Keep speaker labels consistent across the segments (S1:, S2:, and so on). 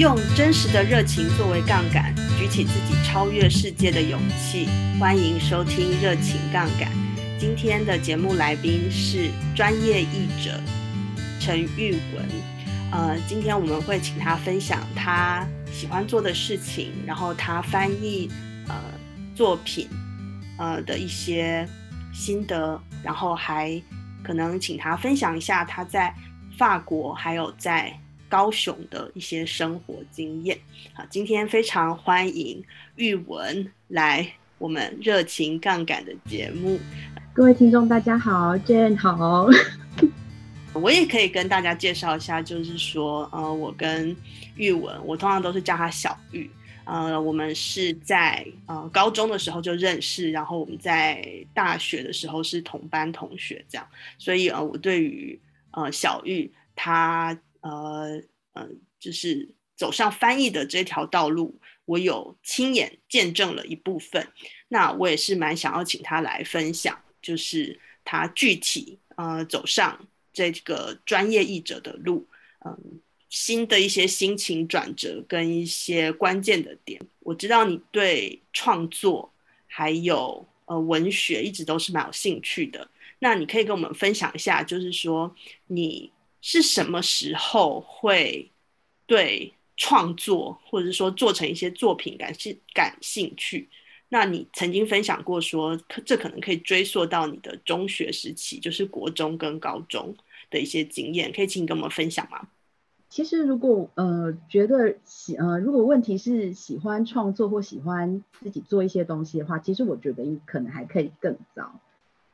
S1: 用真實的熱情作為槓桿，舉起自己超越世界的勇氣。歡迎收聽《熱情槓桿》。今天的節目來賓是專業譯者陳郁雯。呃，今天我們會請他分享他喜歡做的事情，然後他翻譯呃作品呃的一些心得，然後還可能請他分享一下他在法國還有在，高雄的一些生活經驗，好，今天非常歡迎郁雯來我們熱情槓桿的節目。
S2: 各位聽眾，大家好，Jane 好。
S1: 我也可以跟大家介紹一下，就是說，呃，我跟郁雯，我通常都是叫他小郁。呃，我們是在呃高中的時候就認識，然後我們在大學的時候是同班同學，這樣。所以，呃，我對於呃小郁，他呃。嗯，就是走上翻譯的這條道路，我有親眼見證了一部分。那我也是蠻想要請他來分享，就是他具體呃走上這個專業譯者的路，嗯，新的一些心情轉折跟一些關鍵的點。我知道你對創作還有呃文學一直都是蠻有興趣的，那你可以跟我們分享一下，就是說你。是什麼時候會對創作或者說做成一些作品感興感興趣？那你曾經分享過說，這可能可以追溯到你的中學時期，就是國中跟高中的一些經驗，可以請你跟我們分享嗎？
S2: 其實如果呃覺得喜呃，如果問題是喜歡創作或喜歡自己做一些東西的話，其實我覺得可能還可以更早，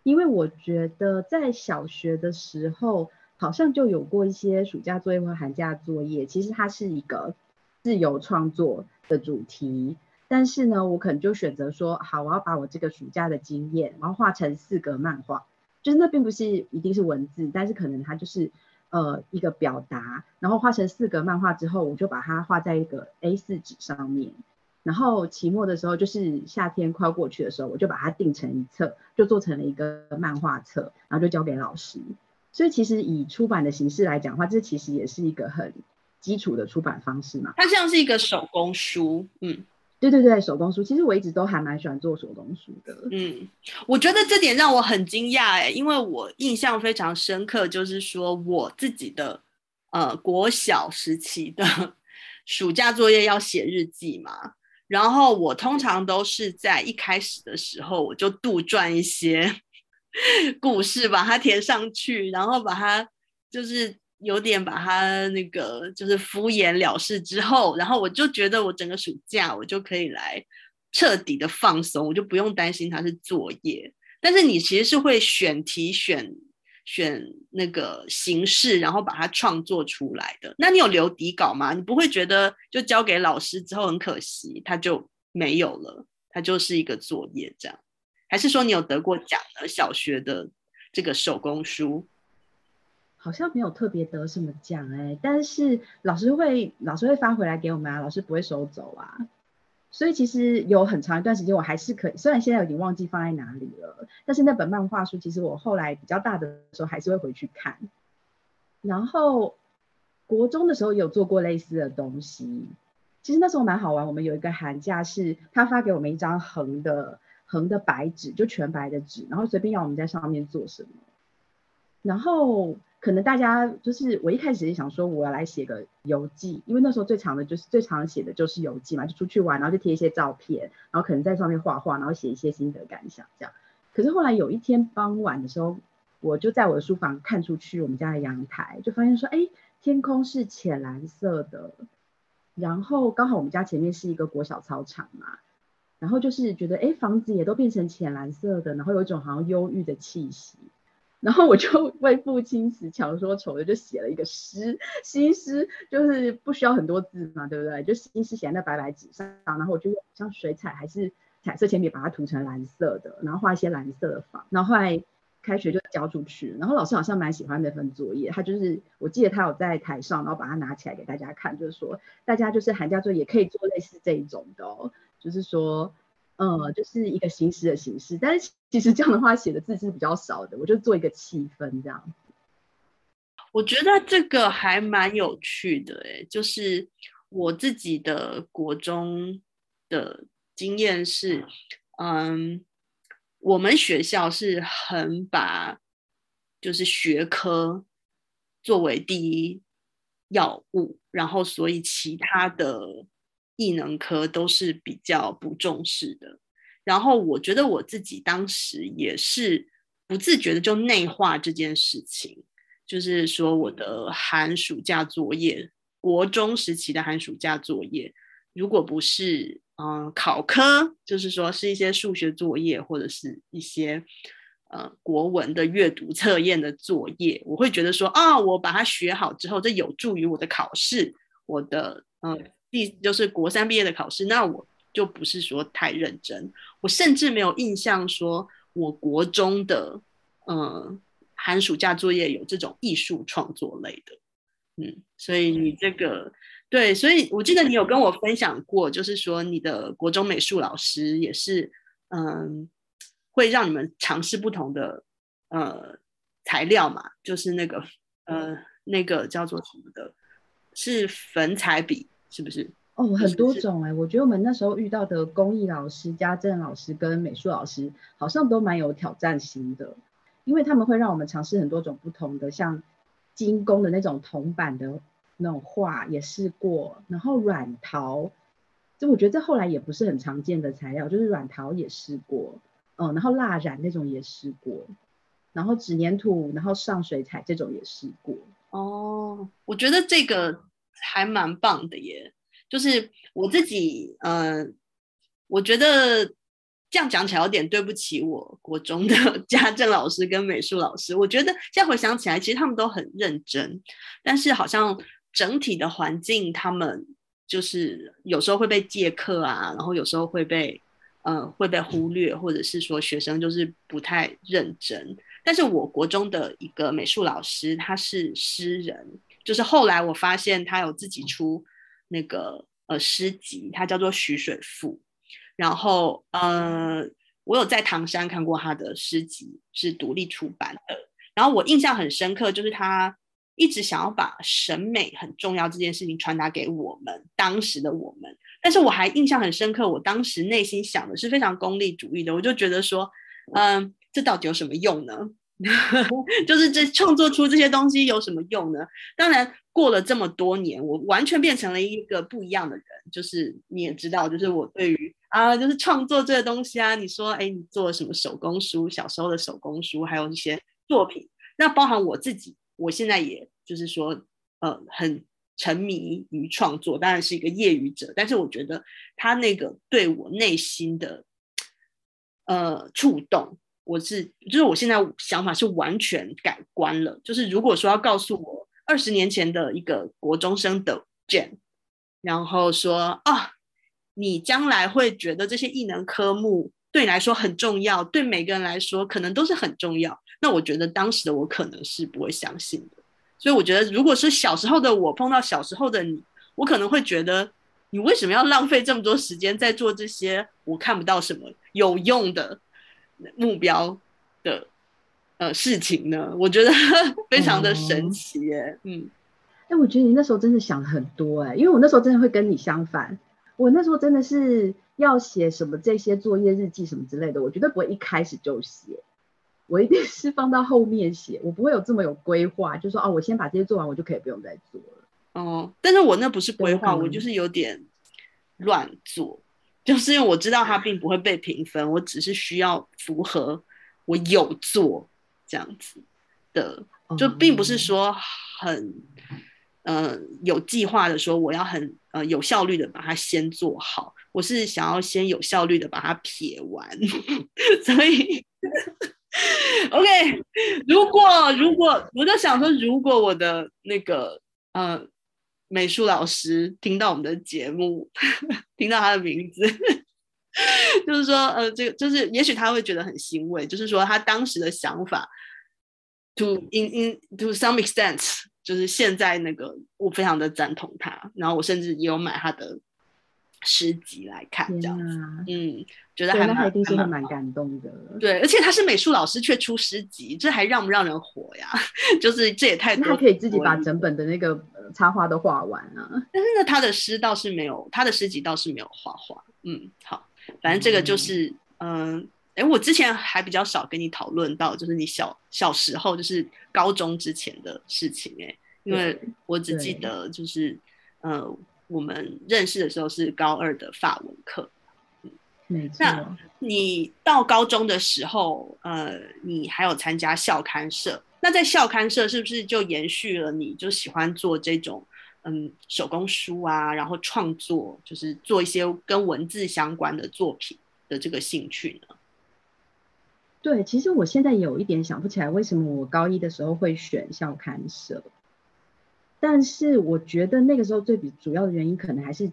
S2: 因為我覺得在小學的時候。好像就有過一些暑假作業或寒假作業，其實它是一個自由創作的主題，但是呢，我可能就選擇說，好，我要把我這個暑假的經驗，然後畫成四格漫畫，就是那並不是一定是文字，但是可能它就是呃一個表達，然後畫成四格漫畫之後，我就把它畫在一個 A4 紙上面，然後期末的時候，就是夏天快要過去的時候，我就把它訂成一冊，就做成了一個漫畫冊，然後就交給老師。所以其實以出版的形式來講的話，這其實也是一個很基礎的出版方式嘛。
S1: 它像是一個手工書，嗯，對對對，手工書。
S2: 其實我一直都還蠻喜歡做手工書的。
S1: 嗯，我覺得這點讓我很驚訝耶，因為我印象非常深刻，就是說我自己的呃國小時期的暑假作業要寫日記嘛，然後我通常都是在一開始的時候我就杜撰一些。 故事，把它填上去，然後把它就是有點把它那個就是敷衍了事之後，然後我就覺得我整個暑假我就可以來徹底的放鬆，我就不用擔心它是作業。但是你其實是會選題選、選選那個形式，然後把它創作出來的。那你有留底稿嗎？你不會覺得就交給老師之後很可惜，它就沒有了，它就是一個作業這樣。還是說你有得過獎的小學的這個手工書？
S2: 好像沒有特別得什麼獎哎、欸，但是老師會老師會發回來給我們啊，老師不會收走啊。所以其實有很長一段時間我還是可以，雖然現在有點忘記放在哪裡了，但是那本漫畫書其實我後來比較大的時候還是會回去看。然後國中的時候也有做過類似的東西，其實那時候蠻好玩。我們有一個寒假是他發給我們一張橫的。橫的白紙就全白的紙，然後隨便要我們在上面做什麼，然後可能大家就是我一開始是想說我要來寫個遊記，因為那時候最常的就是最常寫的就是遊記嘛，就出去玩，然後就貼一些照片，然後可能在上面畫畫，然後寫一些心得感想這樣。可是後來有一天傍晚的時候，我就在我的書房看出去我們家的陽台，就發現說，哎，天空是淺藍色的，然後剛好我們家前面是一個國小操場嘛。然後就是覺得，哎，房子也都變成淺藍色的，然後有一種好像憂鬱的氣息。然後我就為賦新詞強說愁的，就寫了一個詩，新詩，就是不需要很多字嘛，對不對？就新詩寫在那白白紙上，然後我就用像水彩還是彩色鉛筆把它塗成藍色的，然後畫一些藍色的房。然後後來開學就交出去，然後老師好像蠻喜歡那份作業，他就是我記得他有在台上，然後把它拿起來給大家看，就是說大家就是寒假作業也可以做類似這一種的哦。就是說，呃、嗯，就是一個形式的形式，但是其實這樣的話寫的字是比較少的，我就做一個氣氛這樣子。
S1: 我覺得這個還蠻有趣的。欸，哎，就是我自己的國中的經驗是嗯，嗯，我們學校是很把就是學科作為第一要務，然後所以其他的。藝能科都是比較不重視的，然後我覺得我自己當時也是不自覺的就內化這件事情，就是說我的寒暑假作業，國中時期的寒暑假作業，如果不是嗯考科，就是說是一些數學作業或者是一些呃、嗯、國文的閱讀測驗的作業，我會覺得說啊、哦，我把它學好之後，這有助於我的考試，我的嗯。就是國三畢業的考試，那我就不是說太認真，我甚至沒有印象說我國中的嗯、呃、寒暑假作業有這種藝術創作類的，嗯，所以你這個對，所以我記得你有跟我分享過，就是說你的國中美術老師也是嗯、呃、會讓你們嘗試不同的呃材料嘛，就是那個呃那個叫做什麼的，是粉彩筆。是
S2: 不是？哦，是是很多種哎、欸，我覺得我們那時候遇到的工藝老師、家政老師跟美術老師，好像都蠻有挑戰性的，因為他們會讓我們嘗試很多種不同的，像金工的那種銅版的那種畫也試過，然後軟陶，就我覺得這後來也不是很常見的材料，就是軟陶也試過，嗯，然後蠟染那種也試過，然後紙粘土，然後上水彩這種也試過。
S1: 哦，我覺得這個。還蠻棒的耶，就是我自己，呃，我覺得這樣講起來有點對不起我國中的家政老師跟美術老師。我覺得現在回想起來，其實他們都很認真，但是好像整體的環境，他們就是有時候會被借課啊，然後有時候會被呃會被忽略，或者是說學生就是不太認真。但是我國中的一個美術老師，他是詩人。就是後來我發現他有自己出那個呃詩集，他叫做許水富，然後呃我有在唐山看過他的詩集是獨立出版的，然後我印象很深刻，就是他一直想要把審美很重要這件事情傳達給我們當時的我們，但是我還印象很深刻，我當時內心想的是非常功利主義的，我就覺得說，嗯、呃，這到底有什麼用呢？ 就是這創作出這些東西有什麼用呢？當然，過了這麼多年，我完全變成了一個不一樣的人。就是你也知道，就是我對於啊，就是創作這個東西啊，你說哎，你做什麼手工書？小時候的手工書，還有一些作品。那包含我自己，我現在也就是說，呃，很沉迷於創作，當然是一個業餘者。但是我覺得他那個對我內心的呃觸動。我是，就是我現在想法是完全改觀了。就是如果說要告訴我二十年前的一個國中生的 Jane，然後說啊，你將來會覺得這些藝能科目對你來說很重要，對每個人來說可能都是很重要。那我覺得當時的我可能是不會相信的。所以我覺得，如果是小時候的我碰到小時候的你，我可能會覺得，你為什麼要浪費這麼多時間在做這些我看不到什麼有用的？目標的呃事情，呢，我覺得非常的神奇、欸哦、
S2: 嗯，哎，我覺得你那時候真的想很多哎、欸，因為我那時候真的會跟你相反，我那時候真的是要寫什麼這些作業日記什麼之類的，我絕對不會一開始就寫，我一定是放到後面寫，我不會有這麼有規劃，就說哦，我先把這些做完，我就可以不用再做了。
S1: 哦，但是我那不是規劃、嗯，我就是有點亂做。就是因為我知道它並不會被評分，我只是需要符合我有做這樣子的，就並不是說很，嗯、呃、有計劃的說我要很呃有效率的把它先做好，我是想要先有效率的把它撇完， 所以 ，OK，如果如果我就想說，如果我的那個呃。美術老師聽到我們的節目，聽到他的名字，就是說，呃，這個就是，也許他會覺得很欣慰，就是說，他當時的想法，to in in to some extent，就是現在那個，我非常的贊同他，然後我甚至也有買他的。詩集來看
S2: 這樣子，啊、嗯，覺得還蠻還蠻感動的。對，
S1: 而且他是美術老師，卻出詩集，這還讓不讓人活呀？ 就是這也太，他
S2: 可以自己把整本的那個插畫都畫完
S1: 啊。但是呢，他的詩倒是沒有，他的詩集倒是沒有畫畫。嗯，好，反正這個就是，嗯，哎、呃欸，我之前還比較少跟你討論到，就是你小小時候，就是高中之前的事情，欸，哎，因為我只記得就是，呃。我們認識的時候是高二的法文課，
S3: 沒錯。那
S1: 你到高中的時候，呃，你還有參加校刊社。那在校刊社是不是就延續了你就喜歡做這種嗯手工書啊，然後創作，就是做一些跟文字相關的作品的這個興趣呢？
S2: 對，其實我現在有一點想不起來，為什麼我高一的時候會選校刊社。但是我覺得那個時候最主要的原因可能還是，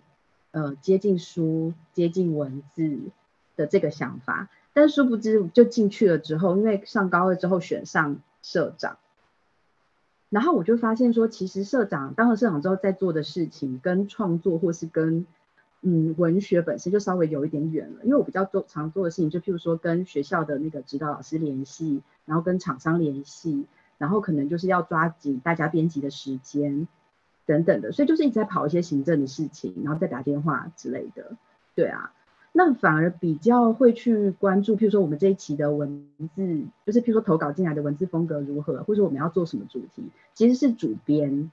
S2: 呃，接近書、接近文字的這個想法。但殊不知就進去了之後，因為上高二之後選上社長，然後我就發現說，其實社長當了社長之後在做的事情，跟創作或是跟嗯文學本身就稍微有一點遠了。因為我比較做常做的事情，就譬如說跟學校的那個指導老師聯繫，然後跟廠商聯繫。然後可能就是要抓緊大家編輯的時間，等等的，所以就是一直在跑一些行政的事情，然後再打電話之類的，對啊。那反而比較會去關注，譬如說我們這一期的文字，就是譬如說投稿進來的文字風格如何，或者我們要做什麼主題，其實是主編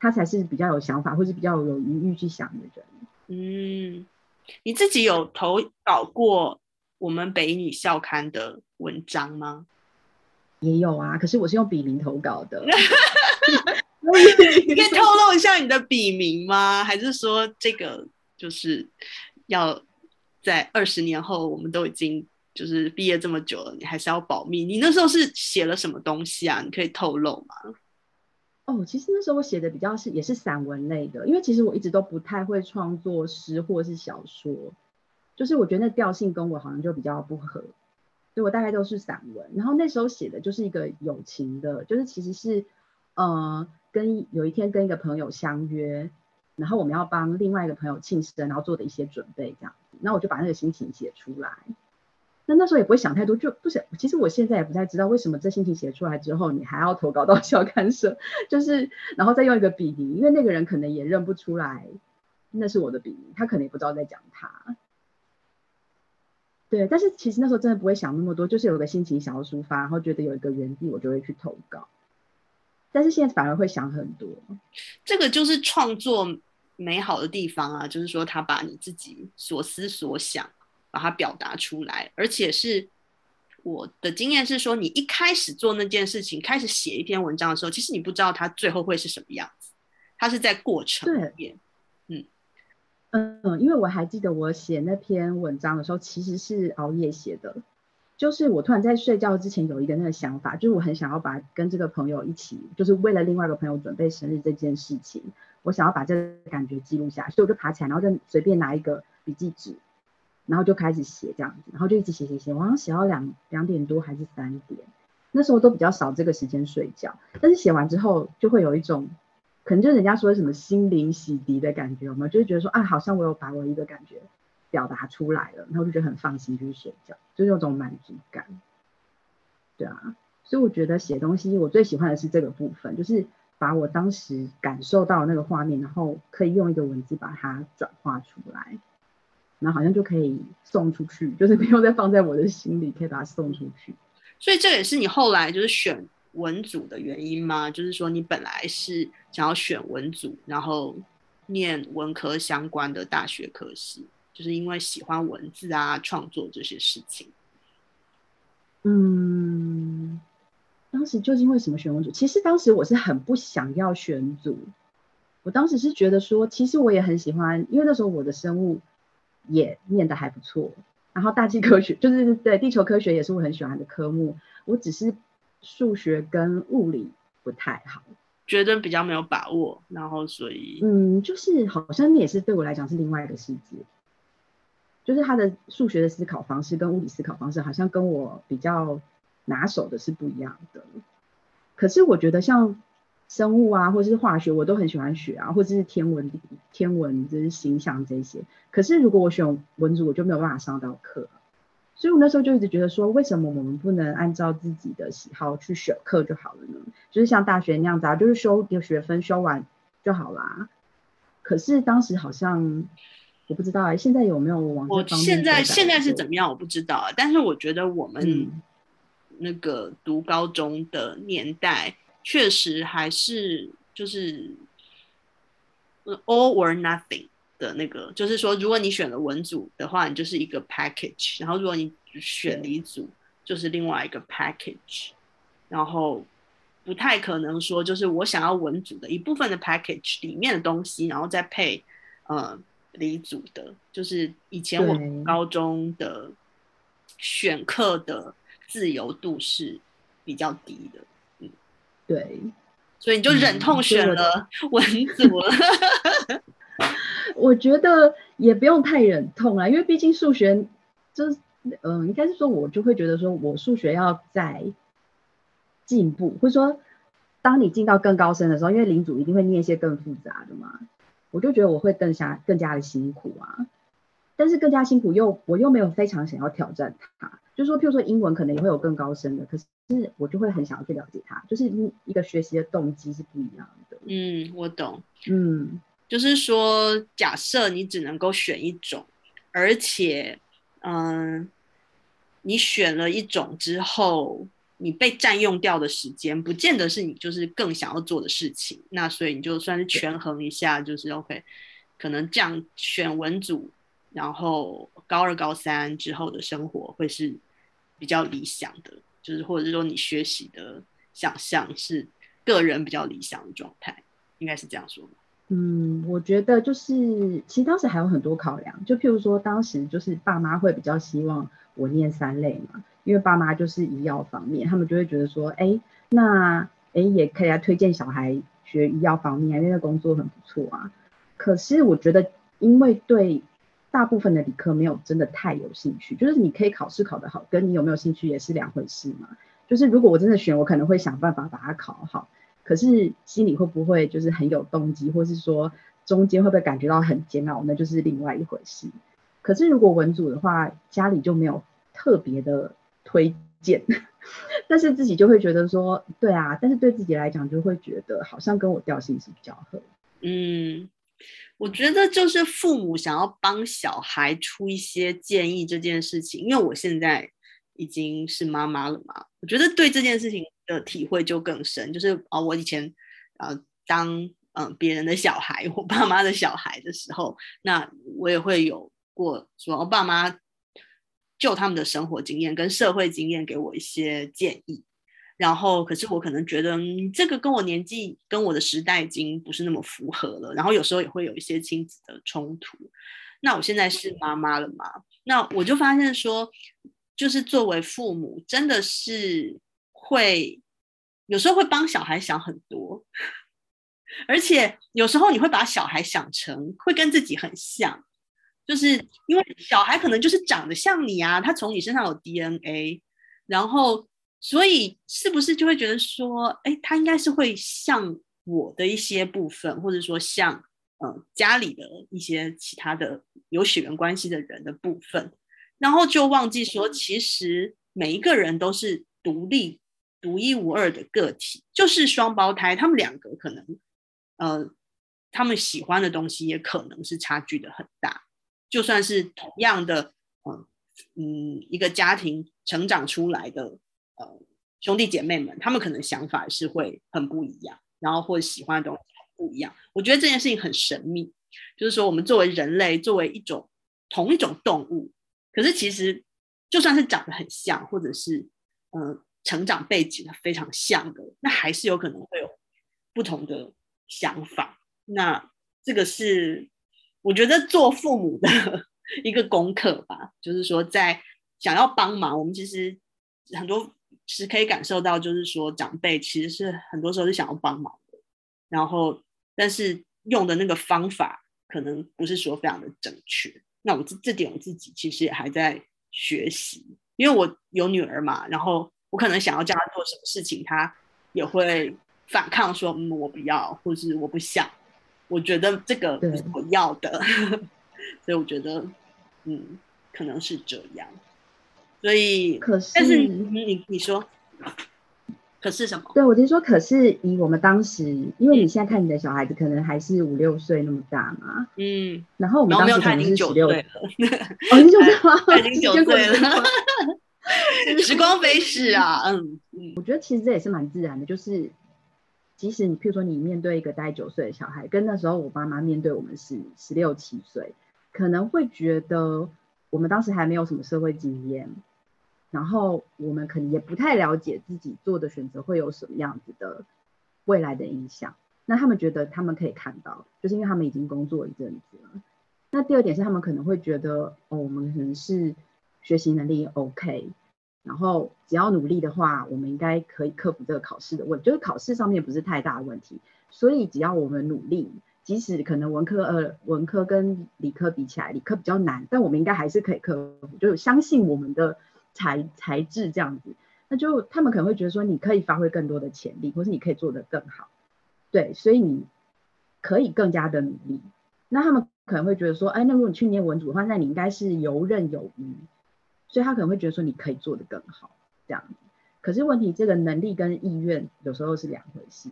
S2: 他才是比較有想法或是比較有餘裕去想的人。嗯，
S1: 你自己有投稿過我們北女校刊的文章嗎？
S2: 也有啊，可是我是用筆名投稿的。
S1: 你可以透露一下你的筆名嗎？還是說這個就是要在二十年後，我們都已經就是畢業這麼久了，你還是要保密？你那時候是寫了什麼東西啊？你可以透露嗎？
S2: 哦，其實那時候我寫的比較是也是散文類的，因為其實我一直都不太會創作詩或是小說，就是我覺得那調性跟我好像就比較不合。所以我大概都是散文，然後那時候寫的就是一個友情的，就是其實是，呃，跟一有一天跟一個朋友相約，然後我們要幫另外一個朋友慶生，然後做的一些準備這樣子，那我就把那個心情寫出來。那那時候也不會想太多，就不想。其實我現在也不太知道為什麼這心情寫出來之後，你還要投稿到校刊社，就是然後再用一個筆名，因為那個人可能也認不出來，那是我的筆名，他可能也不知道在講他。對，但是其實那時候真的不會想那麼多，就是有個心情想要抒發，然後覺得有一個園地，我就會去投稿。但是現在反而會想很多，
S1: 這個就是創作美好的地方啊，就是說他把你自己所思所想把它表達出來，而且是我的經驗是說，你一開始做那件事情，開始寫一篇文章的時候，其實你不知道它最後會是什麼樣子，它是在過程
S2: 裡面。對。嗯，因為我還記得我寫那篇文章的時候，其實是熬夜寫的。就是我突然在睡覺之前有一個那個想法，就是我很想要把跟這個朋友一起，就是為了另外一個朋友準備生日這件事情，我想要把這個感覺記錄下來，所以我就爬起來，然後就隨便拿一個筆記紙，然後就開始寫這樣子，然後就一直寫寫寫，晚上寫到兩兩點多還是三點，那時候都比較少這個時間睡覺，但是寫完之後就會有一種。可能就是人家說的什麼心靈洗滌的感覺，我們就會覺得說啊，好像我有把我一個感覺表達出來了，然後就覺得很放心去，就是睡覺，就是有種滿足感。對啊，所以我覺得寫東西，我最喜歡的是這個部分，就是把我當時感受到那個畫面，然後可以用一個文字把它轉化出來，然後好像就可以送出去，就是不用再放在我的心裡，可以把它送出去。
S1: 所以這也是你後來就是選。文組的原因嗎？就是說，你本來是想要選文組，然後念文科相關的大學科系，就是因為喜歡文字啊、創作這些事情。嗯，
S2: 當時究竟為什麼選文組？其實當時我是很不想要選組，我當時是覺得說，其實我也很喜歡，因為那時候我的生物也念得還不錯，然後大氣科學，就是對地球科學也是我很喜歡的科目，我只是。數學跟物理不太好，
S1: 覺得比較沒有把握，然後所以，
S2: 嗯，就是好像也是對我來講是另外一個世界，就是他的數學的思考方式跟物理思考方式好像跟我比較拿手的是不一樣的。可是我覺得像生物啊或者是化學我都很喜歡學啊，或者是天文、天文就是形象這些。可是如果我選文組，我就沒有辦法上到課。所以，我那時候就一直覺得說，為什麼我們不能按照自己的喜好去選課就好了呢？就是像大學那樣子，啊，就是修個學分，修完就好啦。可是當時好像我不知道啊，欸，現在有沒有往這方？我現在現在是
S1: 怎麼樣？我不知道，啊，但是我覺得我們那個讀高中的年代，確實還是就是 all or nothing。的那個就是說，如果你選了文組的話，你就是一個 package；然後如果你選理組、嗯，就是另外一個 package。然後不太可能說，就是我想要文組的一部分的 package 裡面的東西，然後再配呃理組的。就是以前我高中的選課的自由度是比較低的，嗯，對，所以你就忍痛選了文組了。
S2: 我覺得也不用太忍痛了，因為畢竟數學、就是，是、呃、嗯，應該是說，我就會覺得說我數學要再進步，或者說，當你進到更高深的時候，因為領主一定會念一些更複雜的嘛，我就覺得我會更加更加的辛苦啊。但是更加辛苦又我又沒有非常想要挑戰它，就是說譬如說英文可能也會有更高深的，可是我就會很想要去了解它，就是一一個學習的動機是不一樣
S1: 的。嗯，我懂。嗯。就是說，假設你只能夠選一種，而且，嗯，你選了一種之後，你被占用掉的時間，不見得是你就是更想要做的事情。那所以你就算是權衡一下，就是 OK，可能這樣選文組，然後高二、高三之後的生活會是比較理想的，就是或者是說你學習的想象是個人比較理想的狀態，應該是這樣說吧。
S2: 嗯，我覺得就是，其實當時還有很多考量，就譬如說，當時就是爸媽會比較希望我念三類嘛，因為爸媽就是醫藥方面，他們就會覺得說，哎，那，哎，也可以來推薦小孩學醫藥方面，因為那工作很不錯啊。可是我覺得，因為對大部分的理科沒有真的太有興趣，就是你可以考試考得好，跟你有沒有興趣也是兩回事嘛。就是如果我真的選，我可能會想辦法把它考好。可是心裡會不會就是很有動機，或是說中間會不會感覺到很煎熬，那就是另外一回事。可是如果文組的話，家裡就沒有特別的推薦，但是自己就會覺得說，對啊，但是對自己來講就會覺得好像跟我調性是比較合。嗯，
S1: 我覺得就是父母想要幫小孩出一些建議這件事情，因為我現在。已經是媽媽了嘛，我覺得對這件事情的體會就更深。就是啊、哦，我以前啊、呃、當嗯、呃、別人的小孩，我爸媽的小孩的時候，那我也會有過說：‘我、哦、爸媽就他們的生活經驗跟社會經驗給我一些建議。然後，可是我可能覺得、嗯、這個跟我年紀、跟我的時代已經不是那麼符合了。然後，有時候也會有一些親子的衝突。那我現在是媽媽了嘛，那我就發現說。就是作為父母，真的是會有時候會幫小孩想很多，而且有時候你會把小孩想成會跟自己很像，就是因為小孩可能就是長得像你啊，他從你身上有 DNA，然後所以是不是就會覺得說，哎、欸，他應該是會像我的一些部分，或者說像嗯家裡的一些其他的有血緣關係的人的部分。然後就忘記說，其實每一個人都是獨立、獨一無二的個體。就是雙胞胎，他們兩個可能，呃，他們喜歡的東西也可能是差距的很大。就算是同樣的，嗯嗯，一個家庭成長出來的，呃，兄弟姐妹們，他們可能想法是會很不一樣，然後或喜歡的東西很不一樣。我覺得這件事情很神秘，就是說我們作為人類，作為一種同一種動物。可是其實，就算是長得很像，或者是嗯、呃、成長背景非常像的，那還是有可能會有不同的想法。那這個是我覺得做父母的一個功課吧，就是說在想要幫忙，我們其實很多是可以感受到，就是說長輩其實是很多時候是想要幫忙的，然後但是用的那個方法可能不是說非常的正確。那我這這點我自己其實也還在學習，因為我有女兒嘛，然後我可能想要叫她做什麼事情，她也會反抗說：“嗯，我不要，或是我不想，我覺得這個不是我要的。” 所以我覺得，嗯，可能是這樣。所以，可是，但是你你說。可是什麼？
S2: 對我聽說，可是以我們當時，因為你現在看你的小孩子可能還是五六歲那麼大嘛，嗯，然後我們當時已經是十六，對、嗯，已經九歲了、哦了、了，時光飛逝啊，嗯， 我覺得其實這也是蠻自然的，就是即使你，譬如說你面對一個大九歲的小孩，跟那時候我爸媽面對我們是十六七歲，可能會覺得我們當時還沒有什麼社會經驗。然後我們可能也不太了解自己做的選擇會有什麼樣子的未來的影響。那他們覺得他們可以看到，就是因為他們已經工作一陣子了。那第二點是他們可能會覺得，哦，我們可能是學習能力 OK，然後只要努力的話，我們應該可以克服這個考試的問題，就是考試上面不是太大的問題。所以只要我們努力，即使可能文科呃文科跟理科比起來，理科比較難，但我們應該還是可以克服，就是相信我們的。才才智這樣子，那就他們可能會覺得說，你可以發揮更多的潛力，或是你可以做得更好，對，所以你可以更加的努力。那他們可能會覺得說，哎，那如果你去念文組的話，那你應該是游刃有餘，所以他可能會覺得說，你可以做得更好這樣。可是問題，這個能力跟意願有時候是兩回事，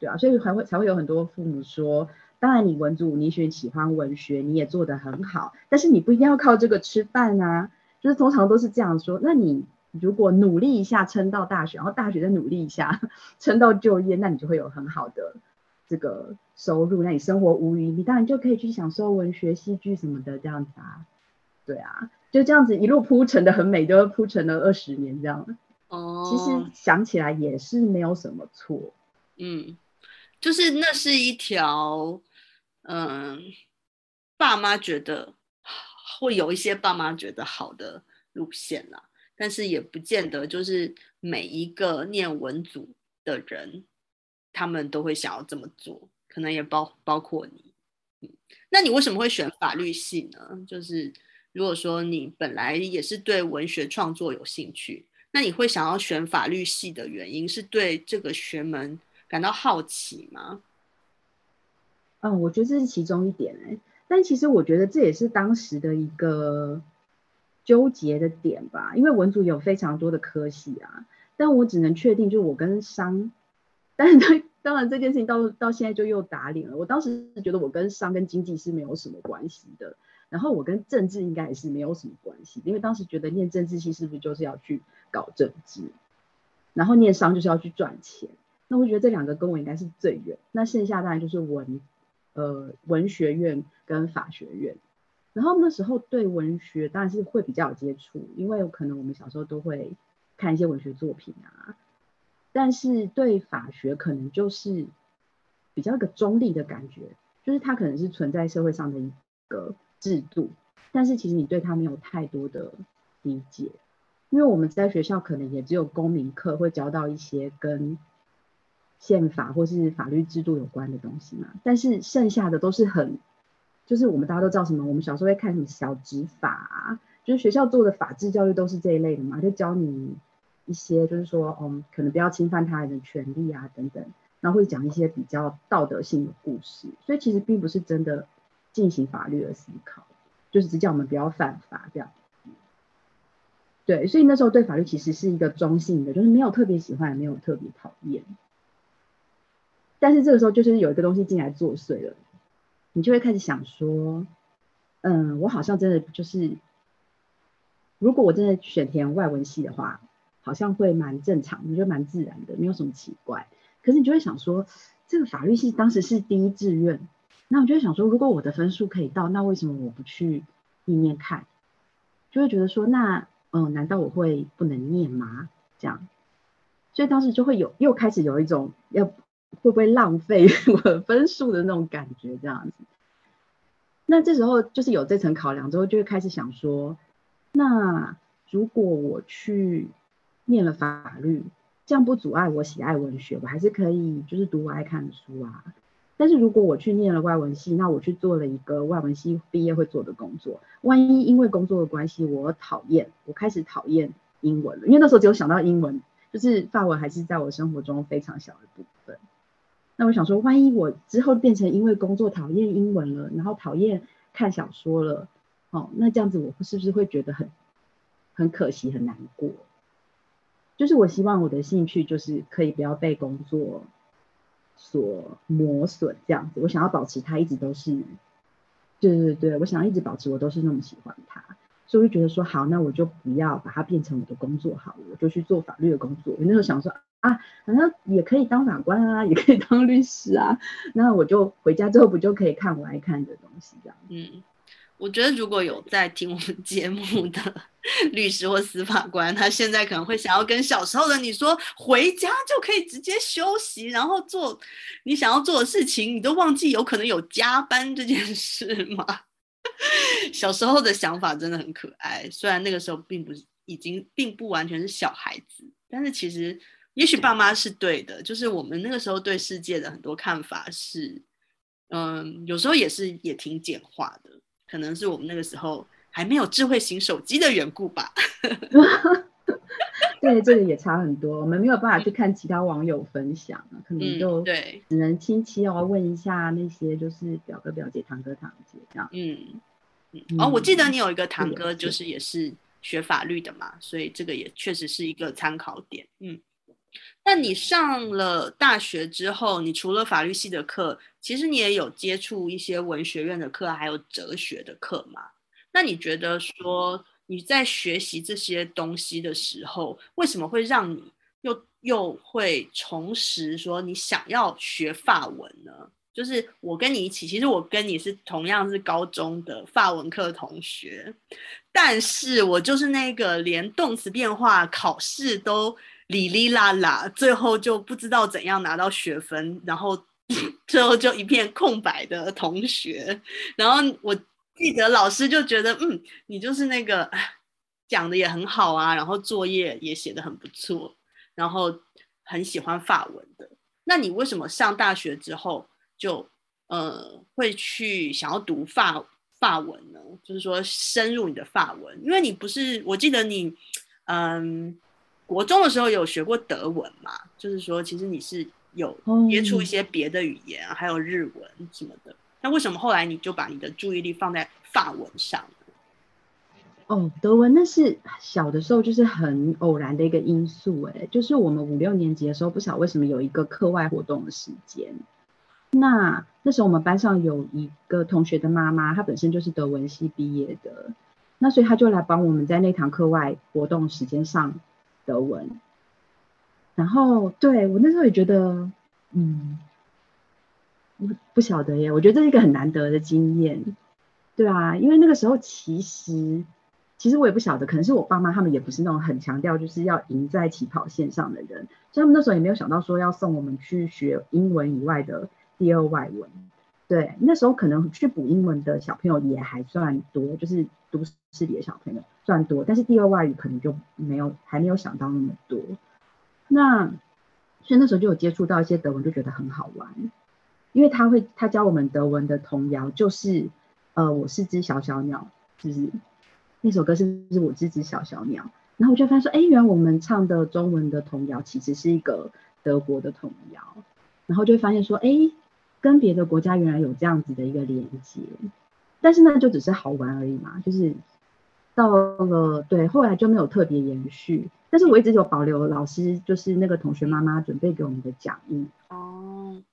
S2: 對啊，所以還會才會有很多父母說，當然你文組，你選喜歡文學，你也做得很好，但是你不一定要靠這個吃飯啊。就是通常都是這樣說。那你如果努力一下，撐到大學，然後大學再努力一下，撐到就業，那你就會有很好的這個收入，那你生活無虞，你當然就可以去享受文學、戲劇什麼的這樣子啊。對啊，就這樣子一路鋪成的很美，都鋪成了二十年這樣。哦，其實想起來也是沒有什麼錯。嗯，
S1: 就是那是一條，嗯、呃，爸媽覺得。會有一些爸媽覺得好的路線吶、啊，但是也不見得就是每一個念文組的人，他們都會想要這麼做，可能也包包括你。嗯，那你為什麼會選法律系呢？就是如果說你本來也是對文學創作有興趣，那你會想要選法律系的原因是對這個學門感到好奇嗎？
S2: 嗯，我覺得這是其中一點哎、欸。但其實我覺得這也是當時的一個糾結的點吧，因為文組有非常多的科系啊，但我只能確定就是我跟商，但是當然這件事情到到現在就又打臉了。我當時是覺得我跟商跟經濟是沒有什麼關係的，然後我跟政治應該也是沒有什麼關係，因為當時覺得念政治系是不是就是要去搞政治，然後念商就是要去賺錢，那我覺得這兩個跟我應該是最遠，那剩下當然就是文。呃，文學院跟法學院，然後那時候對文學當然是會比較有接觸，因為可能我們小時候都會看一些文學作品啊。但是對法學可能就是比較一個中立的感覺，就是它可能是存在社會上的一個制度，但是其實你對它沒有太多的理解，因為我們在學校可能也只有公民課會教到一些跟。憲法或是法律制度有關的東西嘛，但是剩下的都是很，就是我們大家都知道什麼，我們小時候會看什麼小執法啊，就是學校做的法治教育都是這一類的嘛，就教你一些就是說，嗯、哦，可能不要侵犯他人的權利啊等等，然後會講一些比較道德性的故事，所以其實並不是真的進行法律的思考，就是只叫我們不要犯法這樣。對，所以那時候對法律其實是一個中性的，就是沒有特別喜歡，也沒有特別討厭。但是這個時候就是有一個東西進來作祟了，你就會開始想說，嗯，我好像真的就是，如果我真的選填外文系的話，好像會蠻正常，就覺得蠻自然的，沒有什麼奇怪。可是你就會想說，這個法律系當時是第一志願，那我就會想說，如果我的分數可以到，那為什麼我不去念念看？就會覺得說，那嗯，難道我會不能念嗎？這樣，所以當時就會有又開始有一種要。會不會浪費我分數的那種感覺？這樣子，那這時候就是有這層考量，之後，就會開始想說，那如果我去念了法律，這樣不阻礙我喜愛文學，我還是可以就是讀我愛看的書啊。但是如果我去念了外文系，那我去做了一個外文系畢業會做的工作，萬一因為工作的關係，我討厭，我開始討厭英文了，因為那時候只有想到英文，就是法文還是在我生活中非常小的部分。那我想說，萬一我之後變成因為工作討厭英文了，然後討厭看小說了，哦，那這樣子我是不是會覺得很，很可惜很難過？就是我希望我的興趣就是可以不要被工作所磨損這樣子，我想要保持它一直都是，就是，對對對，我想要一直保持我都是那麼喜歡它，所以我就覺得說好，那我就不要把它變成我的工作好了，我就去做法律的工作。我那時候想說。啊，好像也可以當法官啊，也可以當律師啊。那我就回家之後不就可以看我愛看的東西這樣？
S1: 嗯，我覺得如果有在聽我們節目的律師或司法官，他現在可能會想要跟小時候的你說，回家就可以直接休息，然後做你想要做的事情。你都忘記有可能有加班這件事嗎？小時候的想法真的很可愛。雖然那個時候並不是已經並不完全是小孩子，但是其實。也許爸媽是對的。對，就是我們那個時候對世界的很多看法是，嗯、呃，有時候也是也挺簡化的，可能是我們那個時候還沒有智慧型手機的緣故吧。
S2: 對， 對，這個也差很多， 我們沒有辦法去看其他網友分享，嗯、可能就對，只能親戚哦問一下那些，就是表哥表姐、堂哥堂姐這樣嗯。嗯，哦，我記得你有一個堂哥，
S1: 就是也是學法律的嘛，所以這個也確實是一個參考點。嗯。那你上了大學之後，你除了法律系的課，其實你也有接觸一些文學院的課，還有哲學的課嘛？那你覺得說你在學習這些東西的時候，為什麼會讓你又又會重拾說你想要學法文呢？就是我跟你一起，其實我跟你是同樣是高中的法文課同學，但是我就是那個連動詞變化考試都。里里拉拉，最後就不知道怎樣拿到學分，然後最後就一片空白的同學。然後我記得老師就覺得，嗯，你就是那個講的也很好啊，然後作業也寫的很不錯，然後很喜歡法文的。那你為什麼上大學之後就呃會去想要讀法法文呢？就是說深入你的法文，因為你不是，我記得你嗯。國中的時候有學過德文嘛？就是說，其實你是有接觸一些別的語言，oh. 還有日文什麼的。那為什麼後來你就把你的注意力放在法文上了？哦
S2: ，oh，德文那是小的時候就是很偶然的一個因素，哎，就是我們五六年級的時候，不曉得為什麼有一個課外活動的時間。那那時候我們班上有一個同學的媽媽，她本身就是德文系畢業的，那所以她就來幫我們在那堂課外活動時間上。德文，然後對，我那時候也覺得，嗯，不曉得耶，我覺得這是一個很難得的經驗，對啊，因為那個時候其實，其實我也不曉得，可能是我爸媽他們也不是那種很強調就是要贏在起跑線上的人，所以他們那時候也沒有想到說要送我們去學英文以外的第二外文，對，那時候可能去補英文的小朋友也還算多，就是都市裡的小朋友。賺多，但是第二外語可能就沒有還沒有想到那麼多。那所以那時候就有接觸到一些德文，就覺得很好玩，因為他會他教我們德文的童謠，就是呃我是隻小小鳥，是不是？那首歌是，是我隻隻小小鳥。然後我就發現說，哎、欸，原來我們唱的中文的童謠其實是一個德國的童謠。然後就會發現說，哎、欸，跟別的國家原來有這樣子的一個連接，但是呢就只是好玩而已嘛，就是。到了，對，後來就沒有特別延續，但是我一直有保留老師，就是那個同學媽媽準備給我們的講義。
S1: 哦、嗯，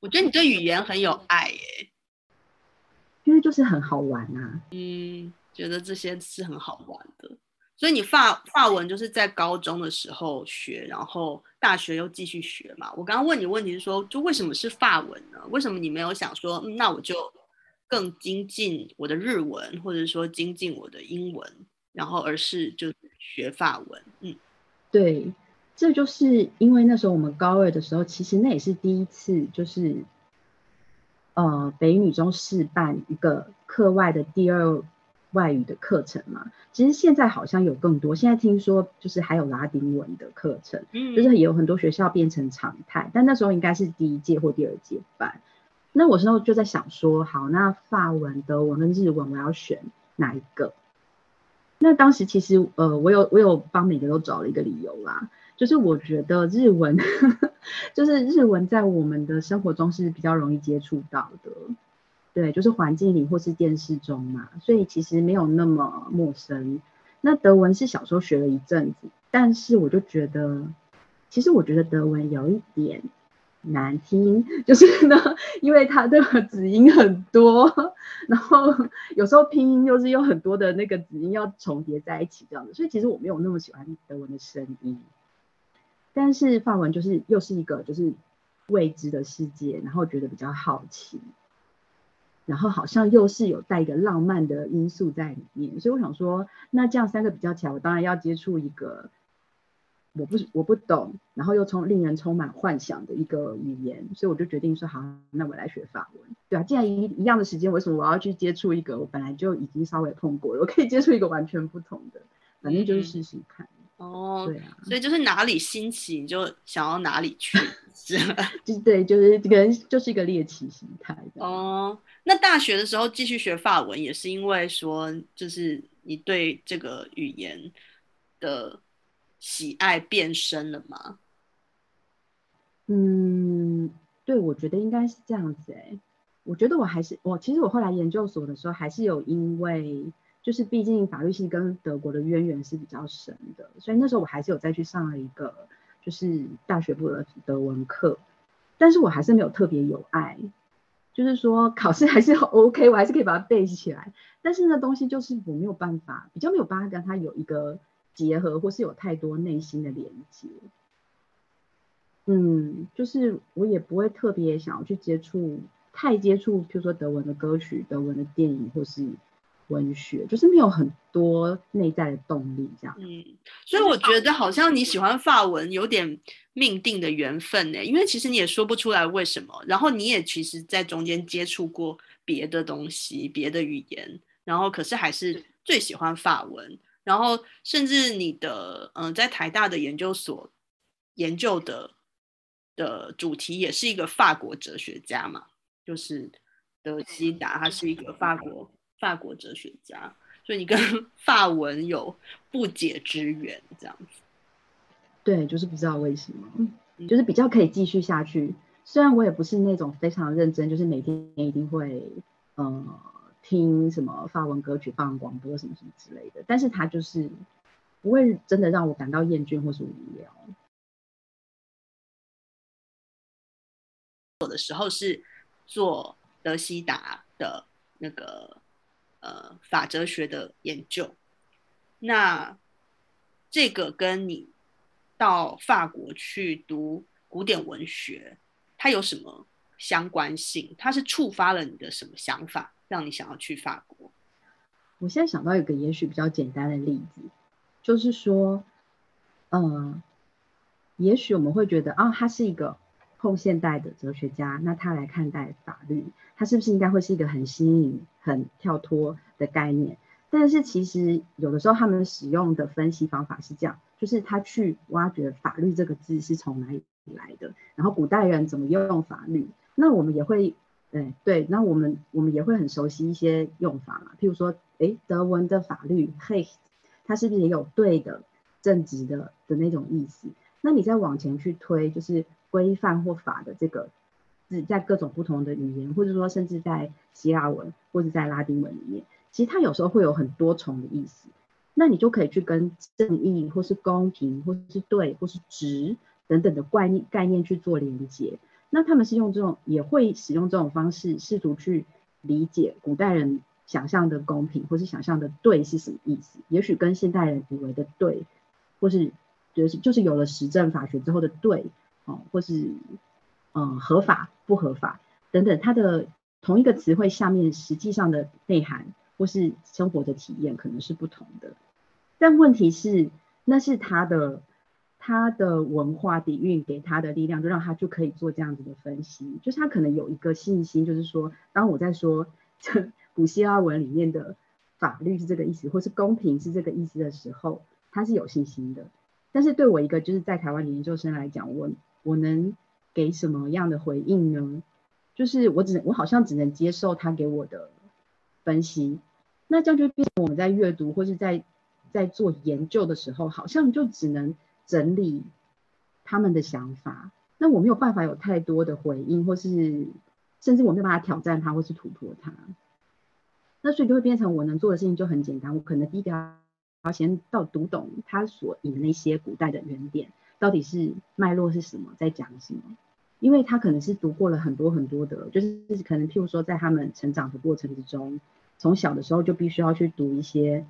S1: 我覺得你對語言很有愛耶、欸，
S2: 因為就是很好玩啊。嗯，
S1: 覺得這些是很好玩的，所以你法，法文就是在高中的時候學，然後大學又繼續學嘛。我剛剛問你問題是說，就為什麼是法文呢？為什麼你沒有想說，嗯、那我就？更精進我的日文，或者說精進我的英文，然後而是就學法文。嗯，
S2: 對，這就是因為那時候我們高二的時候，其實那也是第一次，就是呃北一女中試辦一個課外的第二外語的課程嘛。其實現在好像有更多，現在聽說就是還有拉丁文的課程，嗯，就是有很多學校變成常態。但那時候應該是第一屆或第二屆辦。那我那時候就在想說，好，那法文、德文跟日文，我要選哪一個？那當時其實，呃，我有我有幫每個都找了一個理由啦，就是我覺得日文呵呵，就是日文在我們的生活中是比較容易接觸到的，對，就是環境裡或是電視中嘛，所以其實沒有那麼陌生。那德文是小時候學了一陣子，但是我就覺得，其實我覺得德文有一點。難聽，就是呢，因為它的子音很多，然後有時候拼音又是有很多的那個子音要重疊在一起這樣子，所以其實我沒有那麼喜歡德文的聲音，但是法文就是又是一個就是未知的世界，然後覺得比較好奇，然後好像又是有帶一個浪漫的因素在裡面，所以我想說，那這樣三個比較起來，我當然要接觸一個。我不我不懂，然後又充令人充滿幻想的一個語言，所以我就決定說好，那我來學法文。對啊，既然一一樣的時間，為什麼我要去接觸一個我本來就已經稍微碰過了，我可以接觸一個完全不同的，反正就是試試看。嗯、哦，對
S1: 啊，所以就是哪裡新奇你就想到哪裡去，
S2: 是 就對，就是這個人就是一個獵奇心態。
S1: 哦，那大學的時候繼續學法文，也是因為說，就是你對這個語言的。喜愛變深了嗎？嗯，
S2: 對，我覺得應該是這樣子欸，我覺得我還是，我其實我後來研究所的時候，還是有因為，就是畢竟法律系跟德國的淵源是比較深的，所以那時候我還是有再去上了一個就是大學部的德文課，但是我還是沒有特別有愛，就是說考試還是很 OK，我還是可以把它背起來，但是那東西就是我沒有辦法，比較沒有辦法跟它有一個。結合，或是有太多內心的連接。嗯，就是我也不會特別想要去接觸，太接觸，譬如說德文的歌曲、德文的電影或是文學，就是沒有很多內在的動力這樣。
S1: 嗯，所以我覺得好像你喜歡法文有點命定的緣分呢、欸，因為其實你也說不出來為什麼，然後你也其實，在中間接觸過別的東西、別的語言，然後可是還是最喜歡法文。然後，甚至你的嗯，在台大的研究所研究的的主題，也是一個法國哲學家嘛，就是德希達，他是一個法國、嗯、法國哲學家，所以你跟法文有不解之緣，這樣子。
S2: 對，就是不知道為什麼，就是比較可以繼續下去。嗯、雖然我也不是那種非常認真，就是每天一定會嗯。聽什麼法文歌曲，放廣播什麼什麼之類的，但是它就是不會真的讓我感到厭倦或是無聊。
S3: 我的時候是做德希達的
S1: 那個呃法哲學的研究，
S3: 那
S1: 這個跟你到法國去讀古典文學，它有什麼相關性？它是觸發了你的什麼想法？讓你想要去法國？
S2: 我現在想到一個也許比較簡單的例子，就是說，嗯、呃，也許我們會覺得，啊，他是一個後現代的哲學家，那他來看待法律，他是不是應該會是一個很新穎、很跳脫的概念？但是其實有的時候他們使用的分析方法是這樣，就是他去挖掘“法律”這個字是從哪裡來的，然後古代人怎麼用法律，那我們也會。對對，那我們我們也會很熟悉一些用法嘛，譬如說，誒，德文的法律，嘿，它是不是也有對的、正直的的那種意思？那你再往前去推，就是規範或法的這個字，在各種不同的語言，或者說甚至在希臘文或者在拉丁文裡面，其實它有時候會有很多重的意思。那你就可以去跟正義或是公平或是對或是直等等的觀念概念去做連接。那他們是用這種，也會使用這種方式，試圖去理解古代人想象的公平，或是想象的對是什麼意思。也許跟現代人以為的對，或是是就是有了實證法學之後的對，嗯、或是嗯合法不合法等等，它的同一個詞彙下面實際上的內涵或是生活的體驗可能是不同的。但問題是，那是他的。他的文化底蘊給他的力量，就讓他就可以做這樣子的分析。就是他可能有一個信心，就是說，當我在說這古希臘文裡面的法律是這個意思，或是公平是這個意思的時候，他是有信心的。但是對我一個就是在台灣的研究生來講，我我能給什麼樣的回應呢？就是我只能，我好像只能接受他給我的分析。那這樣就變成我們在閱讀或是在在做研究的時候，好像就只能。整理他們的想法，那我沒有辦法有太多的回應，或是甚至我沒有辦法挑戰他，或是突破他。那所以就會變成我能做的事情就很簡單，我可能第一個要先到讀懂他所引的那些古代的原點，到底是脈絡是什麼，在講什麼？因為他可能是讀過了很多很多的，就是可能譬如說在他們成長的過程之中，從小的時候就必須要去讀一些，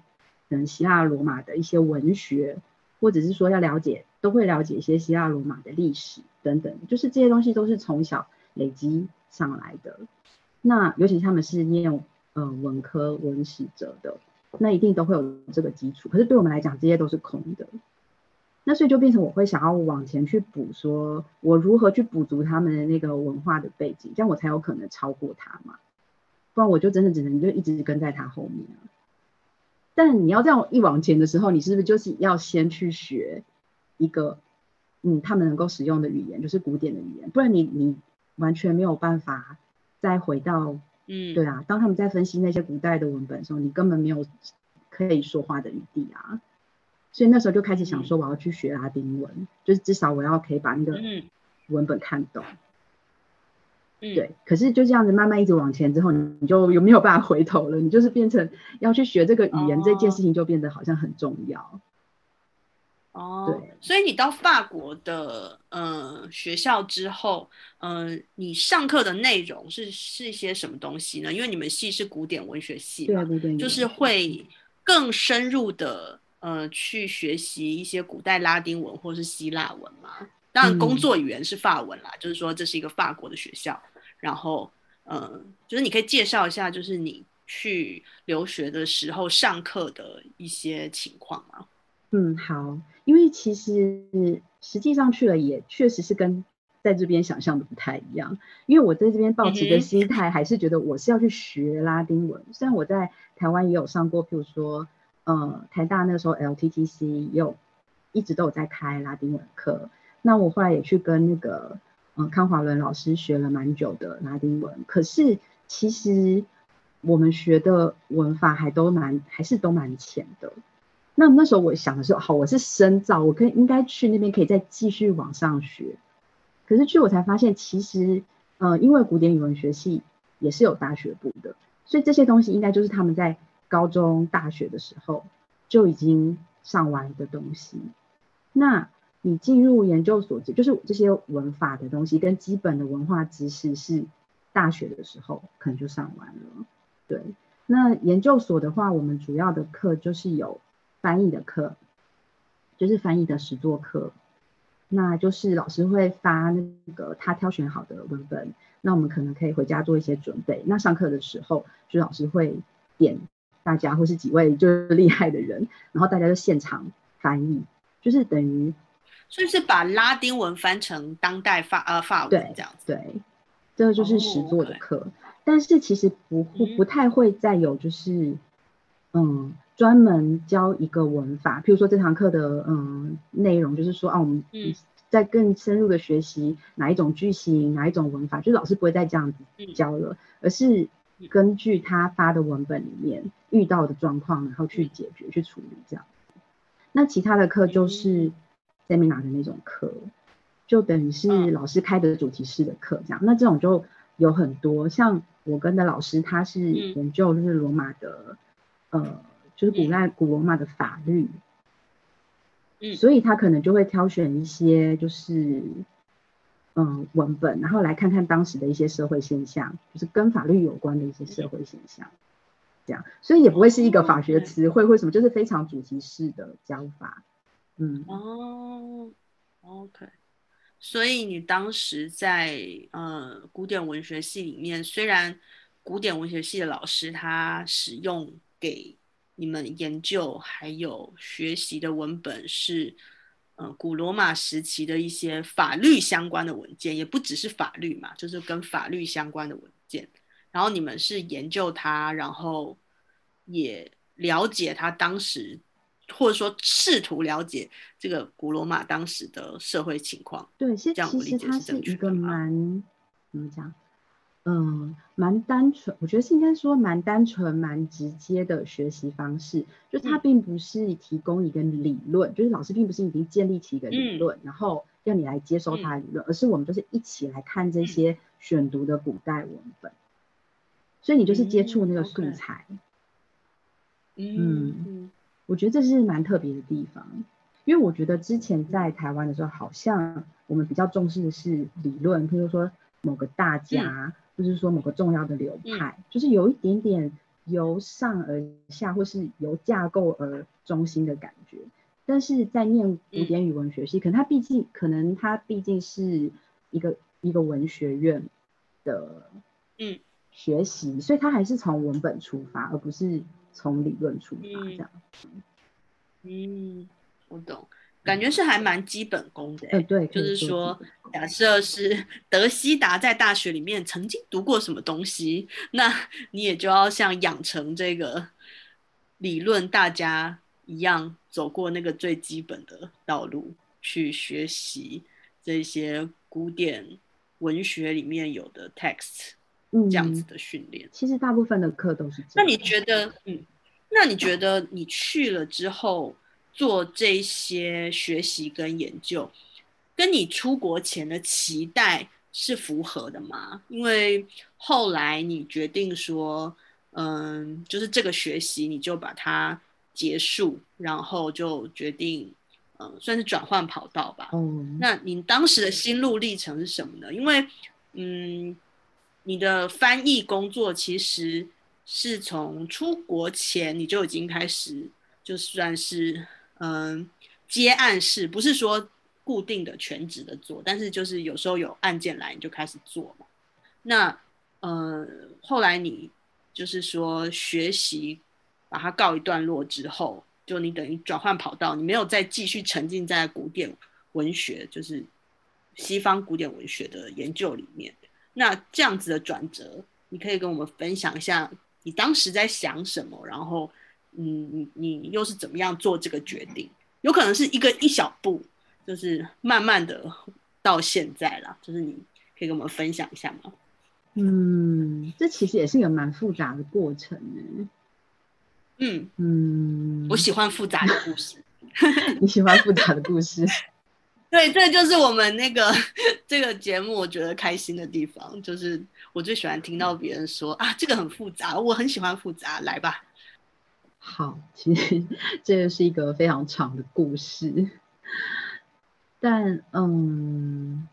S2: 嗯，希臘羅馬的一些文學。或者是說要了解，都會了解一些希臘羅馬的歷史等等，就是這些東西都是從小累積上來的。那尤其他們是念呃文科文史哲的，那一定都會有這個基礎。可是對我們來講，這些都是空的。那所以就變成我會想要往前去補，說我如何去補足他們的那個文化的背景，這樣我才有可能超過他嘛。不然我就真的只能就一直跟在他後面。但你要這樣一往前的時候，你是不是就是要先去學一個，嗯，他們能夠使用的語言，就是古典的語言，不然你你完全沒有辦法再回到，嗯，對啊，當他們在分析那些古代的文本的時候，你根本沒有可以說話的餘地啊。所以那時候就開始想說，我要去學拉丁文，嗯，就是至少我要可以把那個文本看懂。嗯，對，可是就這樣子慢慢一直往前之後，你就沒有辦法回頭了。你就是變成要去學這個語言、哦、這件事情，就變得好像很重要。
S1: 哦，對，所以你到法國的呃學校之後，呃，你上課的內容是是一些什麼東西呢？因為你們系是古典文學系嘛，對、啊、對對，就是會更深入的呃去學習一些古代拉丁文或是希臘文嗎？當然，工作語言是法文啦、嗯，就是說這是一個法國的學校。然後，呃、嗯、就是你可以介紹一下，就是你去留學的時候上課的一些情況嗎？
S2: 嗯，好，因為其實實際上去了也確實是跟在這邊想象的不太一樣。因為我在這邊抱持的心態還是覺得我是要去學拉丁文，雖、嗯、然我在台灣也有上過，比如說，呃，台大那時候 LTTC 也有一直都有在開拉丁文課。那我後來也去跟那個，呃，康華倫老師學了蠻久的拉丁文，可是其實我們學的文法還都蠻，還是都蠻淺的。那那時候我想的是，好，我是深造，我可以應該去那邊可以再繼續往上學。可是去我才發現，其實，呃，因為古典語文學系也是有大學部的，所以這些東西應該就是他們在高中、大學的時候就已經上完的東西。那。你進入研究所，就是這些文法的東西跟基本的文化知識是大學的時候可能就上完了。對，那研究所的話，我們主要的課就是有翻譯的課，就是翻譯的實作課。那就是老師會發那個他挑選好的文本，那我們可能可以回家做一些準備。那上課的時候，就是、老師會點大家或是幾位就是厲害的人，然後大家就現場翻譯，就是等於。
S1: 就是把拉丁文翻成當代法呃法
S2: 文這樣子，對，對，這個就是實作的課。Oh, okay. 但是其實不不太會再有就是、mm -hmm. 嗯專門教一個文法，譬如說這堂課的嗯內容就是說啊我們嗯在更深入的學習哪一種句型、哪一種文法，就老是老師不會再這樣子教了，mm -hmm. 而是根據他發的文本裡面遇到的狀況，然後去解決、mm -hmm. 去處理這樣。那其他的課就是。Mm -hmm. Seminar 的那種課，就等於是老師開的主題式的課，這樣。那這種就有很多，像我跟的老師，他是研究就是羅馬的、嗯，呃，就是古代、嗯、古羅馬的法律、嗯，所以他可能就會挑選一些就是，嗯、呃，文本，然後來看看當時的一些社會現象，就是跟法律有關的一些社會現象，嗯、這樣。所以也不會是一個法學詞彙或什麼，就是非常主題式的教法。
S3: 嗯哦、oh，OK，
S1: 所以你當時在呃古典文學系裡面，雖然古典文學系的老師他使用給你們研究還有學習的文本是嗯、呃古羅馬時期的一些法律相關的文件，也不只是法律嘛，就是跟法律相關的文件。然後你們是研究它，然後也了解他當時。或者說試圖了解這個古羅馬當時的社會情況，
S2: 對，這樣我理解是正確的吧？其實它是一個蠻怎麼講？嗯，蠻單純，我覺得是應該說蠻單純、蠻直接的學習方式。就它並不是提供一個理論，嗯、就是老師並不是已經建立起一個理論，嗯、然後要你來接收他的理論、嗯，而是我們就是一起來看這些選讀的古代文本，所以你就是接觸那個素材。嗯。嗯嗯我覺得這是蠻特別的地方，因為我覺得之前在台灣的時候，好像我們比較重視的是理論，譬如說某個大家，嗯，或是說某個重要的流派，嗯，就是有一點點由上而下，或是由架構而中心的感覺。但是在念古典語文學系，嗯，可能他畢竟，可能它畢竟是一個一個文學院的嗯學習，所以他還是從文本出發，而不是。從理論出
S3: 發，這樣
S1: 嗯，嗯，我懂，感覺是還蠻基本功的。欸。哎、嗯，對，就是說，假設是德希達在大學裡面曾經讀過什麼東西，那你也就要像養成這個理論大家一樣，走過那個最基本的道路，去學習這些古典文學裡面有的 text。嗯，這樣子的訓練、嗯，
S2: 其實大部分的課都是這樣。那
S1: 你覺得，嗯，那你覺得你去了之後、嗯、做這些學習跟研究，跟你出國前的期待是符合的嗎？因為後來你決定說，嗯，就是這個學習你就把它結束，然後就決定，嗯，算是轉換跑道吧。嗯，那你當時的心路歷程是什麼呢？嗯、因為，嗯。你的翻譯工作其實是從出國前你就已經開始，就算是嗯接案式，不是說固定的全職的做，但是就是有時候有案件來你就開始做嘛。那呃，嗯，後來你就是說學習把它告一段落之後，就你等於轉換跑道，你沒有再繼續沉浸在古典文學，就是西方古典文學的研究裡面。那這樣子的轉折，你可以跟我們分享一下你當時在想什麼？然後，嗯，你你又是怎麼樣做這個決定？有可能是一個一小步，就是慢慢的到現在了，就是你可以跟我們分享一下嗎？嗯，
S2: 這其實也是一個蠻複雜的過程。嗯，嗯，我
S1: 喜歡複雜的故
S2: 事。 你喜歡複雜的故事。
S1: 對，這就是我們那個這個節目，我覺得開心的地方，就是我最喜歡聽到別人說啊，這個很複雜，我很喜歡複雜，來吧。
S2: 好，其實這個是一個非常長的故事，但嗯，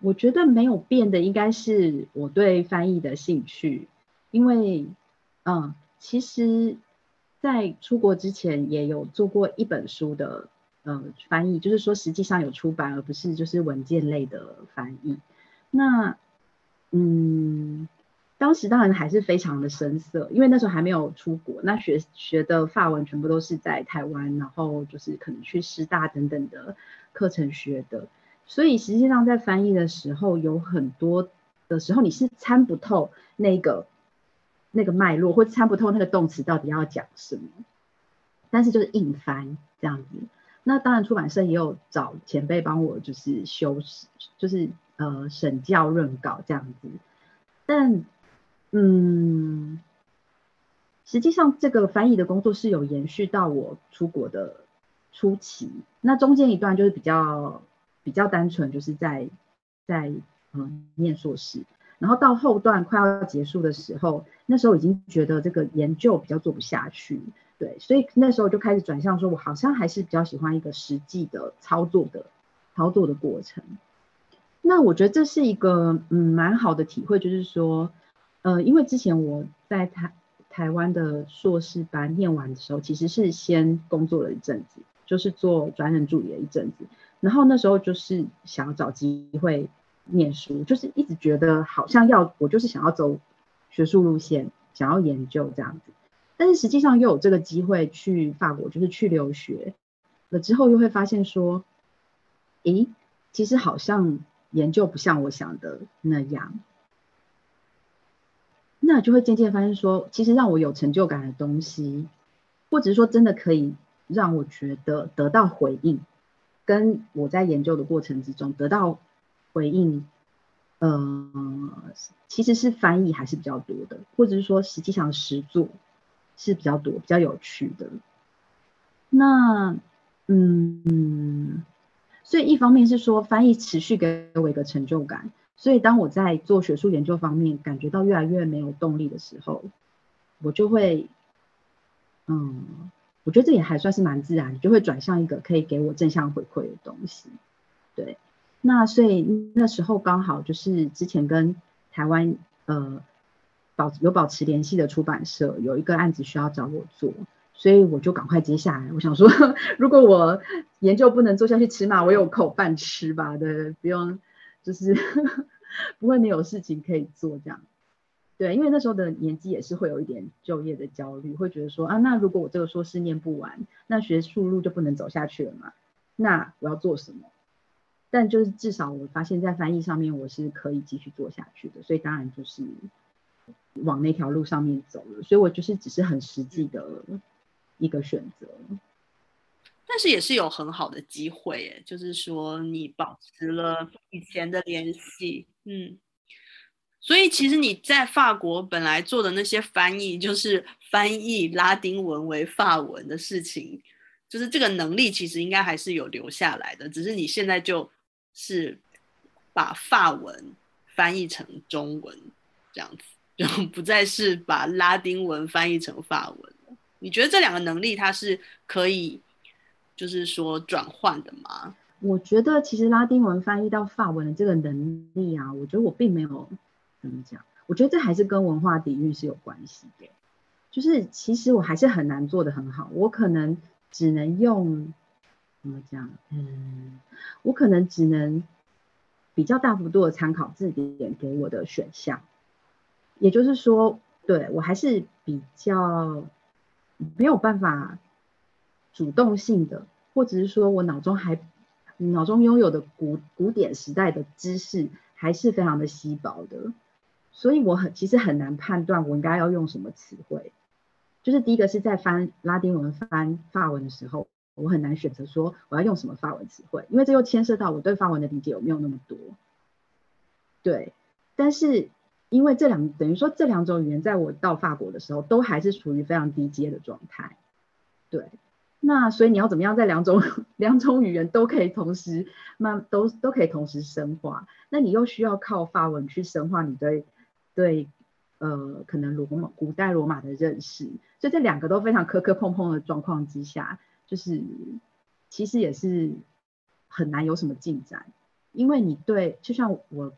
S2: 我覺得沒有變的應該是我對翻譯的興趣，因為嗯，其實在出國之前也有做過一本書的。呃，翻譯就是說，實際上有出版，而不是就是文件類的翻譯。那，嗯，當時當然還是非常的生澀，因為那時候還沒有出國，那學學的法文全部都是在台灣，然後就是可能去師大等等的課程學的，所以實際上在翻譯的時候，有很多的時候你是參不透那個那個脈絡，或參不透那個動詞到底要講什麼，但是就是硬翻這樣子。那當然，出版社也有找前輩幫我，就是修飾，就是呃審校潤稿這樣子。但嗯，實際上這個翻譯的工作是有延續到我出國的初期。那中間一段就是比較比較單純，就是在在嗯念碩士。然後到後段快要結束的時候，那時候已經覺得這個研究比較做不下去。對，所以那時候就開始轉向說，我好像還是比較喜歡一個實際的操作的操作的過程。那我覺得這是一個嗯蠻好的體會，就是說，呃，因為之前我在台台灣的碩士班念完的時候，其實是先工作了一陣子，就是做專任助理的一陣子，然後那時候就是想要找機會念書，就是一直覺得好像要我就是想要走學術路線，想要研究這樣子。但是實際上又有這個機會去法國，就是去留學了之後，又會發現說，誒，其實好像研究不像我想的那樣。那就會漸漸發現說，其實讓我有成就感的東西，或者是說真的可以讓我覺得得到回應，跟我在研究的過程之中得到回應，呃，其實是翻譯還是比較多的，或者是說實際上實作，是比較多、比較有趣的。那，嗯嗯，所以一方面是說翻譯持續給我一個成就感，所以當我在做學術研究方面感覺到越來越沒有動力的時候，我就會，嗯，我覺得這也還算是蠻自然，就會轉向一個可以給我正向回饋的東西。對，那所以那時候剛好就是之前跟台灣呃。保有保持聯繫的出版社有一個案子需要找我做，所以我就趕快接下來。我想說呵呵，如果我研究不能做下去吃嘛，起碼我有口飯吃吧。對，不用就是呵呵不會沒有事情可以做這樣。對，因為那時候的年紀也是會有一點就業的焦慮，會覺得說啊，那如果我這個碩士念不完，那學術路就不能走下去了嘛，那我要做什麼？但就是至少我發現在翻譯上面我是可以繼續做下去的，所以當然就是。往那條路上面走了，所以我就是只是很實際的一個選擇，
S1: 但是也是有很好的機會欸，就是說你保持了以前的聯繫。嗯，所以其實你在法國本來做的那些翻譯，就是翻譯拉丁文為法文的事情，就是這個能力其實應該還是有留下來的，只是你現在就是把法文翻譯成中文這樣子。就不再是把拉丁文翻譯成法文了。你覺得這兩個能力它是可以，就是說轉換的嗎？
S2: 我覺得其實拉丁文翻譯到法文的這個能力啊，我覺得我並沒有怎麼講。我覺得這還是跟文化底蘊是有關係的。就是其實我還是很難做得很好，我可能只能用怎麼講？嗯，我可能只能比較大幅度的參考字典給我的選項。也就是說，對，我還是比較沒有辦法主動性的，或者是說我腦中還腦中擁有的古古典時代的知識還是非常的稀薄的，所以我很其實很難判斷我應該要用什麼詞彙。就是第一個是在翻拉丁文、翻法文的時候，我很難選擇說我要用什麼法文詞彙，因為這又牽涉到我對法文的理解有沒有那麼多。對，但是。因為這兩等於說，這兩種語言，在我到法國的時候，都還是處於非常低階的狀態。對，那所以你要怎麼樣，在兩種兩種語言都可以同時，那都都可以同時深化，那你又需要靠法文去深化你對對呃可能羅馬古代羅馬的認識。所以這兩個都非常磕磕碰碰的狀況之下，就是其實也是很難有什麼進展，因為你對就像我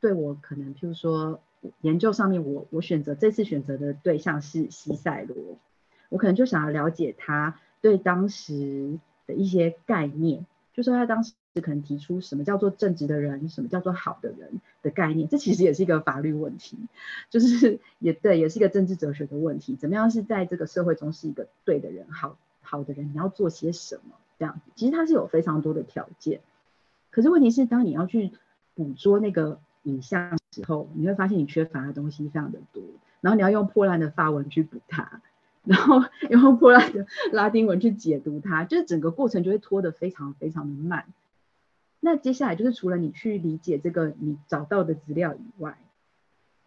S2: 對我可能譬如說。研究上面我，我我選擇這次選擇的對象是西塞羅，我可能就想要了解他對當時的一些概念，就說、是、他當時可能提出什麼叫做正直的人，什麼叫做好的人的概念，這其實也是一個法律問題，就是也對，也是一個政治哲學的問題，怎麼樣是在這個社會中是一個對的人，好好的人，你要做些什麼這樣，其實他是有非常多的條件，可是問題是當你要去捕捉那個。你像時候，你會發現你缺乏的東西非常的多，然後你要用破爛的法文去補它，然後用破爛的拉丁文去解讀它，就整個過程就會拖得非常非常的慢。那接下來就是除了你去理解這個你找到的資料以外，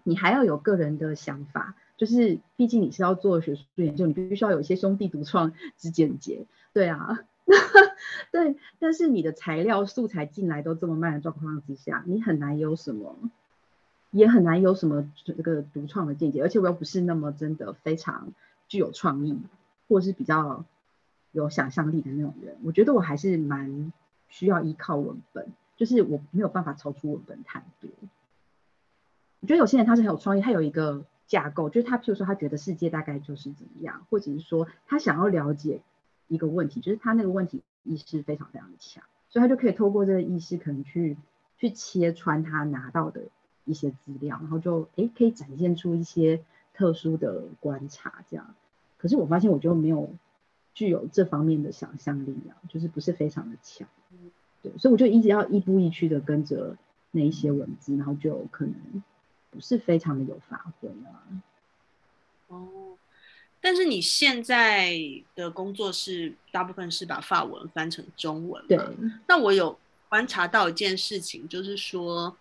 S2: 你還要有個人的想法，就是畢竟你是要做學術研究，你必須要有一些兄弟獨創之見解，對啊。對， 但是你的材料素材進來都這麼慢的狀況之下，你很難有什麼，也很難有什麼這個獨創的見解。而且我又不是那麼真的非常具有創意，或是比較有想象力的那種人。我覺得我還是蠻需要依靠文本，就是我沒有辦法超出文本太多。我覺得有些人他是很有創意，他有一個架構，就是他譬如說他覺得世界大概就是怎麼樣，或者是說他想要了解，一個問題，就是他那個問題意識非常非常的強，所以他就可以透過這個意識可能去去切穿他拿到的一些資料，然後就哎可以展現出一些特殊的觀察這樣。可是我發現我就沒有具有這方面的想象力量，啊，就是不是非常的強，對，所以我就一直要亦步亦趨的跟着那一些文字，嗯，然後就可能不是非常的有發揮啊。哦。
S1: 但是你現在的工作是大部分是把法文翻成中文。對。那我有觀察到一件事情，就是說，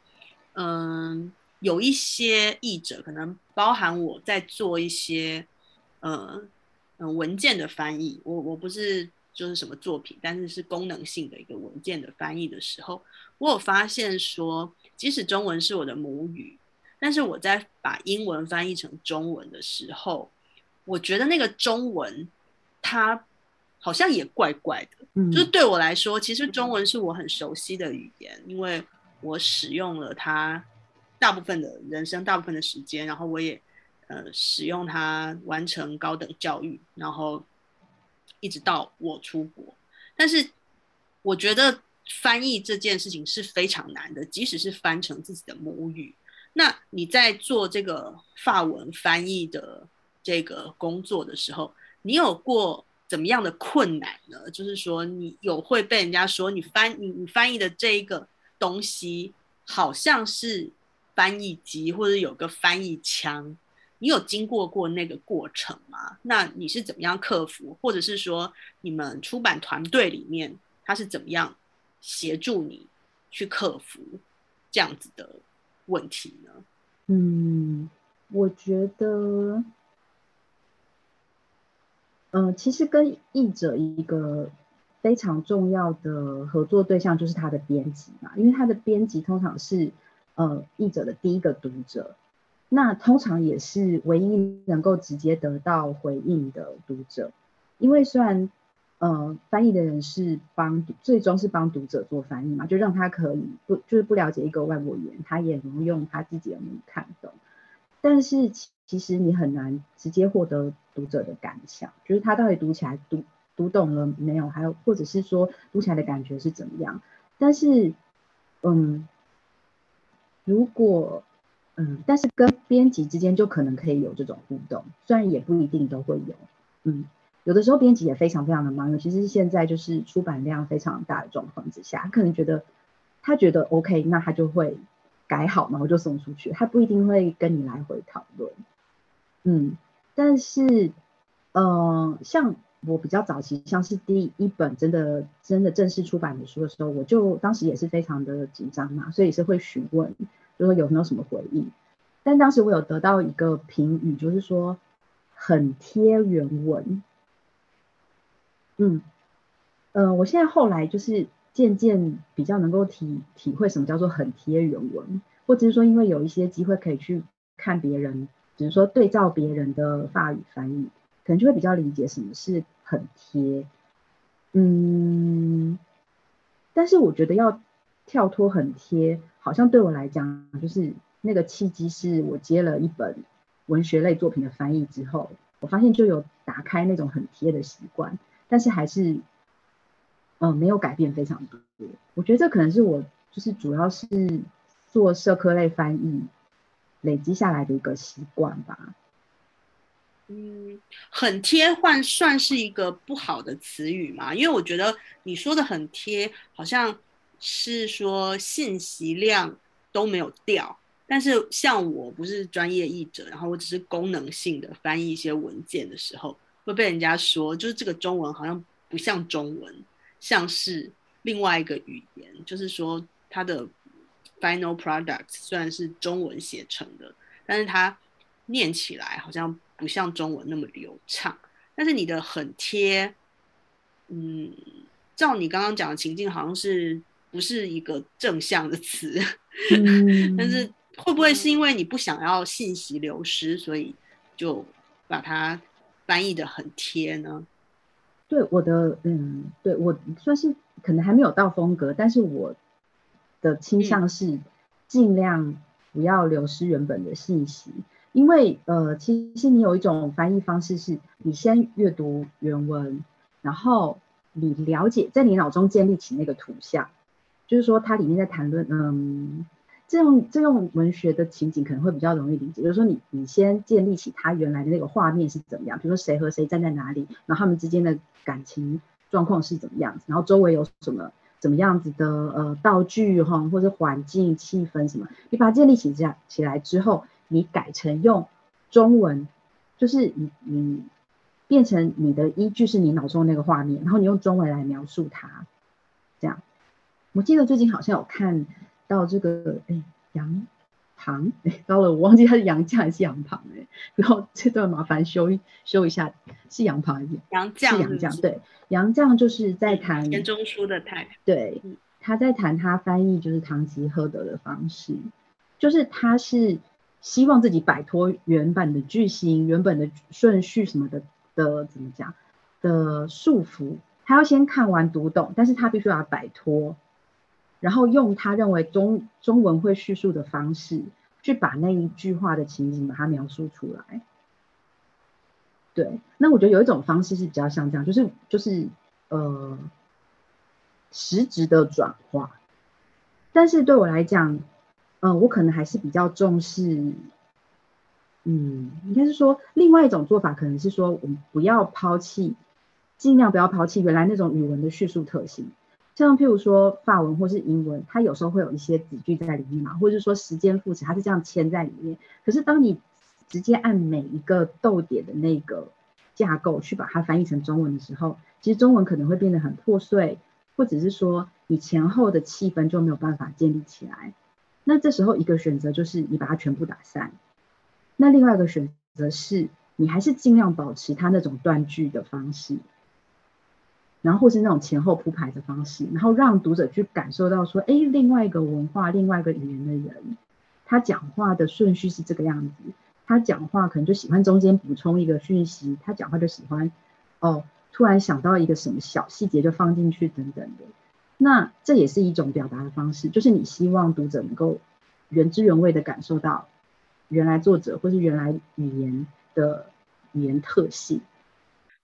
S1: 嗯，呃，有一些譯者，可能包含我在做一些，嗯，呃，呃，文件的翻譯。我我不是就是什麼作品，但是是功能性的一個文件的翻譯的時候，我有發現說，即使中文是我的母語，但是我在把英文翻譯成中文的時候。我覺得那個中文，它好像也怪怪的，嗯。就是對我來說，其實中文是我很熟悉的語言，因為我使用了它大部分的人生、大部分的時間。然後我也呃使用它完成高等教育，然後一直到我出國。但是我覺得翻譯這件事情是非常難的，即使是翻成自己的母語。那你在做這個法文翻譯的？這個工作的時候，你有過怎麼樣的困難呢？就是說，你有會被人家說你翻你你翻譯的這一個東西好像是翻譯機或者有個翻譯腔，你有經過過那個過程嗎？那你是怎麼樣克服，或者是說你們出版團隊裡面他是怎麼樣協助你去克服這樣子的問題呢？嗯，
S2: 我覺得。嗯、呃，其實跟譯者一個非常重要的合作對象就是他的編輯嘛，因為他的編輯通常是呃譯者的第一個讀者，那通常也是唯一能夠直接得到回應的讀者，因為雖然呃翻譯的人是幫最終是幫讀者做翻譯嘛，就讓他可以不就是不了解一個外國語言，他也能用他自己能看懂。但是其實你很難直接獲得讀者的感想，就是他到底讀起來讀讀懂了沒有，還有或者是說讀起來的感覺是怎麼樣。但是，嗯，如果，嗯，但是跟編輯之間就可能可以有這種互動，雖然也不一定都會有。嗯，有的時候編輯也非常非常的忙，尤其是現在就是出版量非常大的狀況之下，他可能覺得他覺得 OK，那他就會。改好，嘛，我就送出去。他不一定會跟你來回討論，嗯。但是，呃，像我比較早期，像是第一本真的真的正式出版的書的時候，我就當時也是非常的緊張嘛，所以也是會詢問，就說有沒有什麼回應。但當時我有得到一個評語，就是說很貼原文。嗯，嗯、呃，我現在後來就是。漸漸比較能夠體體會什麼叫做很貼原文，或者是說，因為有一些機會可以去看別人，比如說對照別人的法語翻譯，可能就會比較理解什麼是很貼。嗯，但是我覺得要跳脫很貼，好像對我來講，就是那個契機是我接了一本文學類作品的翻譯之後，我發現就有打開那種很貼的習慣，但是還是。嗯，沒有改變非常多。我覺得這可能是我就是主要是做社科類翻譯累積下來的一個習慣吧。嗯，
S1: 很貼換算是一個不好的詞語嘛？因為我覺得你說的很貼，好像是說信息量都沒有掉。但是像我不是專業譯者，然後我只是功能性的翻譯一些文件的時候，會被人家說，就是這個中文好像不像中文。像是另外一個語言，就是說它的 final product 雖然是中文寫成的，但是它念起來好像不像中文那麼流暢。但是你的很貼，嗯，照你剛剛講的情境，好像是不是一個正向的詞。
S2: 嗯、 但
S1: 是會不會是因為你不想要信息流失，所以就把它翻譯的很貼呢？
S2: 對我的，嗯，對我算是可能還沒有到風格，但是我的傾向是盡量不要流失原本的信息，因為呃，其實你有一種翻譯方式是，你先閱讀原文，然後你了解，在你腦中建立起那個圖像，就是說它裡面在談論，嗯。這種這種文學的情景可能會比較容易理解，就是說你你先建立起他原來的那個畫面是怎麼樣，比如說誰和誰站在哪裡，然後他們之間的感情狀況是怎麼樣子，然後周圍有什麼怎麼樣子的呃道具哈或者環境氣氛什麼，你把它建立起來起來之後，你改成用中文，就是你你變成你的依據是你腦中的那個畫面，然後你用中文來描述它，這樣。我記得最近好像有看。到這個哎，楊、欸、旁、欸、到了我忘記他是楊絳還是楊旁哎，然後這段麻煩修一修一下，是楊旁還是，楊絳，是楊絳，對，楊絳就是在談錢鍾
S1: 書的太太，
S2: 對，他在談他翻譯就是唐吉訶德的方式，就是他是希望自己擺脫原本的句型，原本的順序什麼的的怎麼講的束縛，他要先看完讀懂，但是他必須要擺脫。然後用他認為中中文會敘述的方式，去把那一句話的情景把它描述出來。對，那我覺得有一種方式是比較像這樣，就是就是呃，實質的轉化。但是對我來講，嗯、呃，我可能還是比較重視，嗯，應該是說另外一種做法，可能是說我們不要拋棄，尽量不要拋棄原來那種語文的敘述特性。像譬如說法文或是英文，它有時候會有一些子句在裡面嘛，或者是說時間副詞，它是這樣簽在裡面。可是當你直接按每一個逗點的那個架構去把它翻譯成中文的時候，其實中文可能會變得很破碎，或者是說你前後的氣氛就沒有辦法建立起來。那這時候一個選擇就是你把它全部打散，那另外一個選擇是你還是盡量保持它那種斷句的方式。然後或是那種前後鋪排的方式，然後讓讀者去感受到說，哎，另外一個文化、另外一個語言的人，他講話的順序是這個樣子，他講話可能就喜歡中間補充一個訊息，他講話就喜歡，哦，突然想到一個什麼小細節就放進去等等的，那這也是一種表達的方式，就是你希望讀者能夠原汁原味的感受到原來作者或是原來語言的語言特性。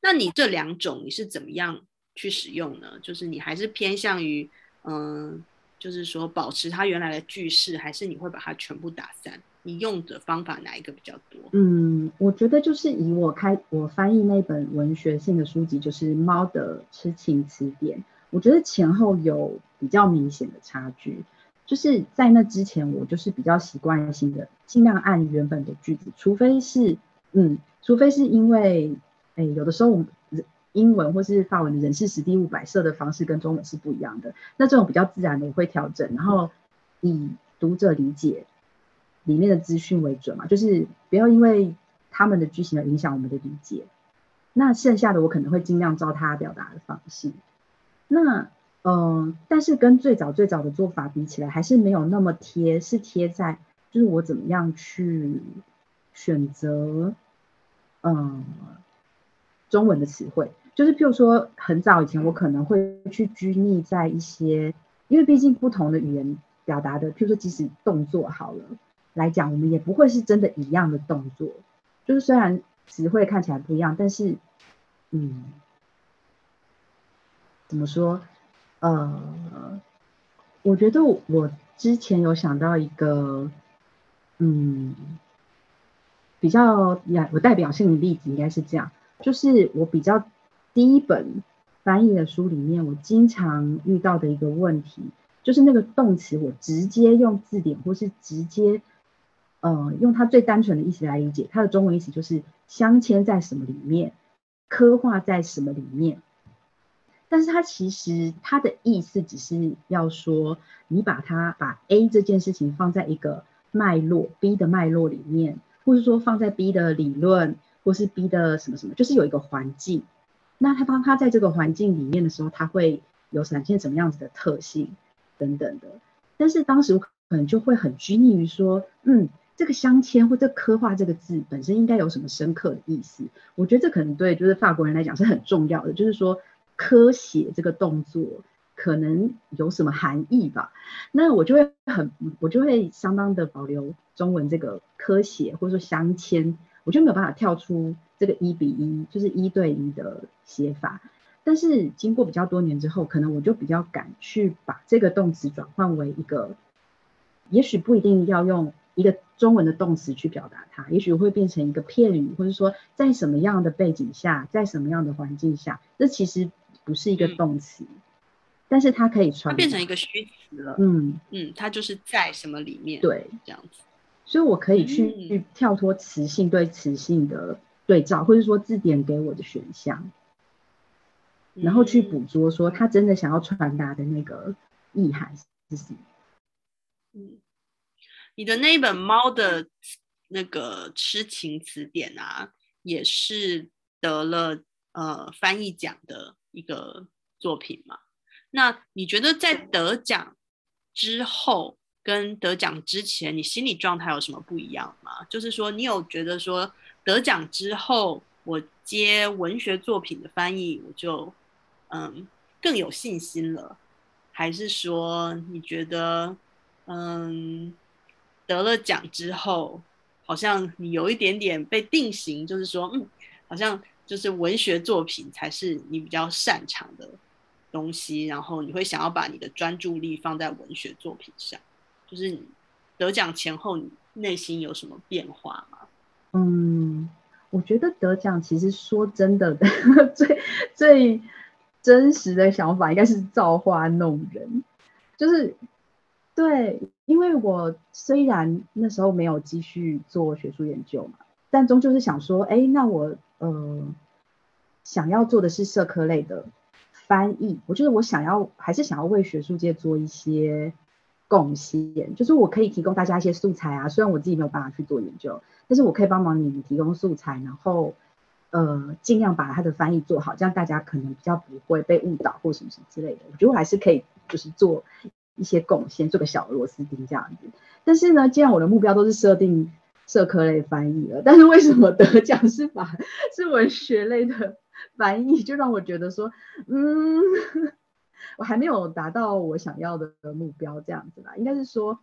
S1: 那你這兩種你是怎麼樣？去使用呢？就是你還是偏向於，嗯，就是說保持它原來的句式，還是你會把它全部打散？你用的方法哪一個比較多？
S2: 嗯，我覺得就是以我開我翻譯那本文學性的書籍，就是《貓的痴情辭典》，我覺得前後有比較明顯的差距。就是在那之前，我就是比較習慣性的儘量按原本的句子，除非是，嗯，除非是因為，哎，有的時候我。英文或是法文的人事史地物擺設的方式跟中文是不一樣的，那這種比較自然的我會調整，然後以讀者理解裡面的資訊為準嘛，就是不要因為他們的句型而影響我們的理解。那剩下的我可能會盡量照他表達的方式。那嗯，但是跟最早最早的做法比起來，還是沒有那麼貼，是貼在就是我怎麼樣去選擇嗯中文的詞彙。就是，譬如說，很早以前，我可能會去拘泥在一些，因為畢竟不同的語言表達的，譬如說，即使動作好了來講，我們也不會是真的一樣的動作。就是雖然詞彙看起來不一樣，但是，嗯，怎麼說？呃，我覺得我之前有想到一個，嗯，比較呀有代表性的例子，應該是這樣，就是我比較。第一本翻譯的書裡面，我經常遇到的一個問題，就是那個動詞，我直接用字典，或是直接，呃，用它最單純的意思來理解，它的中文意思就是鑲嵌在什麼裡面，刻畫在什麼裡面。但是它其實它的意思只是要說，你把它把 A 這件事情放在一個脈絡，B 的脈絡裡面，或是說放在 B 的理論，或是 B 的什麼什麼，就是有一個環境。那他當他在這個環境裡面的時候，他會有展現什麼樣子的特性等等的。但是當時我可能就會很拘泥於說，嗯，這個鑲嵌或者刻畫這個字本身應該有什麼深刻的意思。我覺得這可能對就是法國人來講是很重要的，就是說刻寫這個動作可能有什麼含義吧。那我就會很我就會相當的保留中文這個刻寫，或者說鑲嵌，我就沒有辦法跳出。這個一比一就是一對一的寫法，但是經過比較多年之後，可能我就比較敢去把這個動詞轉換為一個，也許不一定要用一個中文的動詞去表達它，也許會變成一個片語，或者說在什麼樣的背景下，在什麼樣的環境下，這其實不是一個動詞，嗯，但是它可以傳，變成一
S1: 個虛詞了。嗯嗯，它就是在什麼裡面，對，這
S2: 樣子，所以我可以去，去跳脫詞性對詞性的對照或是說字典給我的選項，然後去捕捉說他真的想要傳達的那個意涵是什麼？嗯，
S1: 你的那一本《貓的》那個《癡情辭典》啊，也是得了呃翻譯獎的一個作品嘛。那你覺得在得獎之後跟得獎之前，你心理狀態有什麼不一樣嗎？就是說，你有覺得說？得獎之後，我接文學作品的翻譯，我就嗯，更有信心了。還是說，你覺得嗯，得了獎之後，好像你有一點點被定型，就是說，嗯，好像就是文學作品才是你比較擅長的東西，然後你會想要把你的專注力放在文學作品上。就是你得獎前後，你內心有什麼變化？
S2: 嗯，我覺得得獎其實說真的的，最最真實的想法應該是造化弄人，就是對，因為我雖然那時候沒有繼續做學術研究嘛，但終究是想說，哎，那我呃想要做的是社科類的翻譯，我覺得我想要還是想要為學術界做一些。貢獻，就是我可以提供大家一些素材啊，雖然我自己沒有辦法去做研究，但是我可以幫忙你們提供素材，然後呃盡量把它的翻譯做好，這樣大家可能比較不會被誤導或什麼什麼之類的。我覺得我還是可以就是做一些貢獻，做個小螺絲釘這樣子。但是呢，既然我的目標都是設定社科類翻譯了，但是為什麼得獎是吧，是文學類的翻譯，就讓我覺得說嗯。我還沒有達到我想要的目標，這樣子吧，應該是說，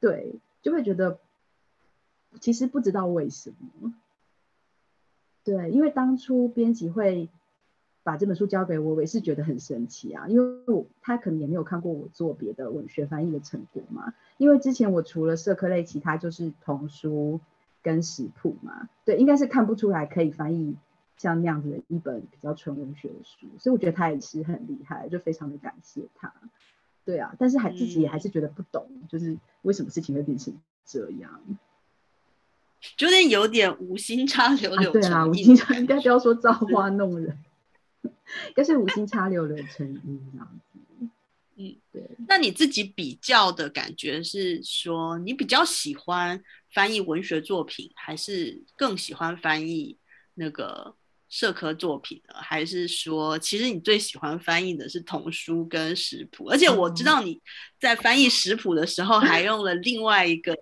S2: 對，就會覺得其實不知道為什麼，對，因為當初編輯會把這本書交給我，我也是覺得很神奇啊，因為我他可能也沒有看過我做別的文學翻譯的成果嘛，因為之前我除了社科類，其他就是童書跟食譜嘛，對，應該是看不出來可以翻譯。像那樣子的一本比較純文學的書，所以我覺得他也是很厲害，就非常的感謝他。對啊，但是還自己也還是覺得不懂，就是為什麼事情會變成這樣，嗯、
S1: 就是有點無心插柳的。啊對啊，無心
S2: 插，應該不要說造化弄人，但是無心插柳柳成蔭，啊、嗯，對。
S1: 那你自己比較的感覺是說，你比較喜歡翻譯文學作品，還是更喜歡翻譯那個？社科作品呢？還是說，其實你最喜歡翻譯的是童書跟食譜？而且我知道你在翻譯食譜的時候，還用了另外一個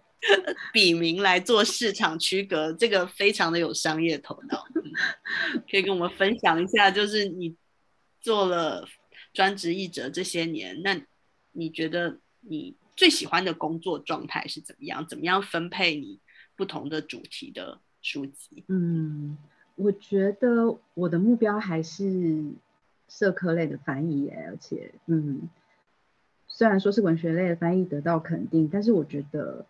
S1: 筆名來做市場區隔，這個非常的有商業頭腦。可以跟我們分享一下，就是你做了專職譯者這些年，那你覺得你最喜歡的工作狀態是怎麼樣？怎麼樣分配你不同的主題的書籍？
S3: 嗯。
S2: 我覺得我的目標還是社科類的翻譯欸，而且，嗯，雖然說是文學類的翻譯得到肯定，但是我覺得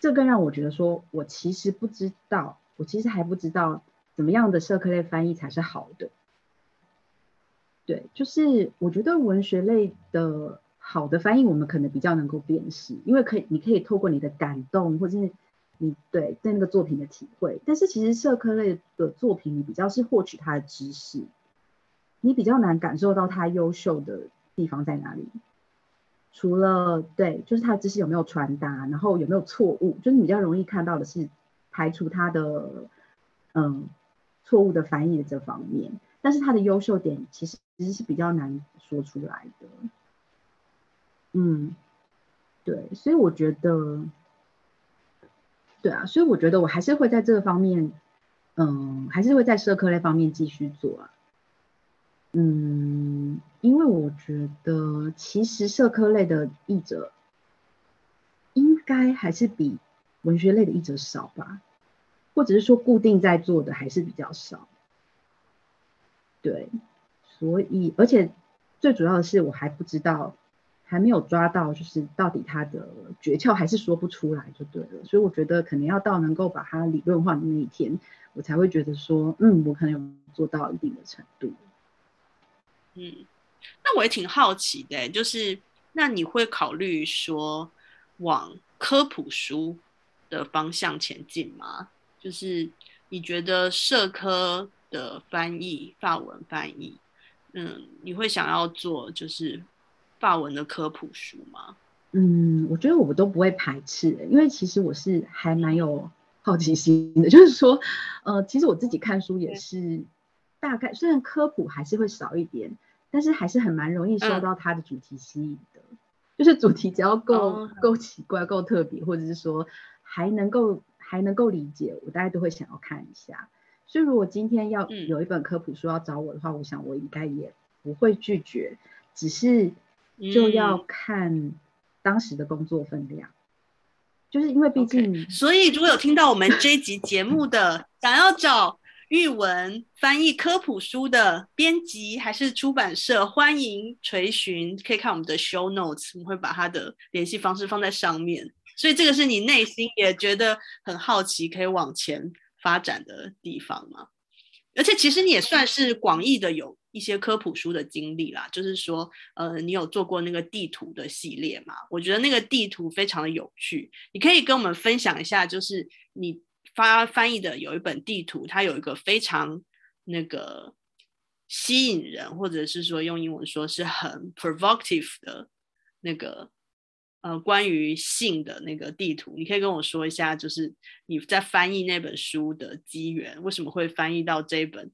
S2: 這更讓我覺得說，我其實不知道，我其實還不知道怎麼樣的社科類翻譯才是好的。對，就是我覺得文學類的好的翻譯，我們可能比較能夠辨識，因為可以，你可以透過你的感動或者是你。你對對那個作品的體會，但是其實社科類的作品，你比較是獲取它的知識，你比較難感受到它優秀的地方在哪裡。除了對，就是它的知識有沒有傳達，然後有沒有錯誤，就是你比較容易看到的是排除它的嗯錯誤的翻譯的這方面，但是它的優秀點其實其實是比較難說出來的。嗯，對，所以我覺得。對啊，所以我覺得我還是會在這個方面，嗯，還是會在社科類方面繼續做啊。嗯，因為我覺得其實社科類的譯者應該還是比文學類的譯者少吧，或者是說固定在做的還是比較少。對，所以而且最主要的是，我還不知道。還沒有抓到，就是到底他的訣竅還是說不出來就對了。所以我覺得可能要到能夠把它理論化的那一天，我才會覺得說，嗯，我可能有做到一定的程度。嗯，
S1: 那我也挺好奇的、欸，就是那你會考慮說往科普書的方向前進嗎？就是你覺得社科的翻譯、法文翻譯，嗯，你會想要做就是？法文的科普書
S2: 嗎？嗯，我覺得我都不會排斥、欸，因為其實我是還蠻有好奇心的。就是說，呃，其實我自己看書也是大概，嗯、雖然科普還是會少一點，但是還是很蠻容易受到它的主題吸引的。嗯、就是主題只要夠夠、哦、奇怪、夠特別，或者是說還能夠還能夠理解，我大概都會想要看一下。所以，如果今天要有一本科普書要找我的話，嗯、我想我應該也不會拒絕，只是。就要看當時的工作分量，
S1: 嗯、就是因為畢竟你，okay, 所以如果有聽到我們這一集節目的， 想要找郁雯翻譯科普書的編輯還是出版社，歡迎垂詢，可以看我們的 show notes，我們會把他的聯繫方式放在上面。所以這個是你內心也覺得很好奇，可以往前發展的地方嘛。而且其實你也算是廣義的有。一些科普書的經歷啦，就是說，呃，你有做過那個地圖的系列嗎？我覺得那個地圖非常的有趣，你可以跟我們分享一下，就是你發翻譯的有一本地圖，它有一個非常那個吸引人，或者是說用英文說是很 provocative 的那個，呃，關於性的那個地圖，你可以跟我說一下，就是你在翻譯那本書的機緣，為什麼會翻譯到這一本？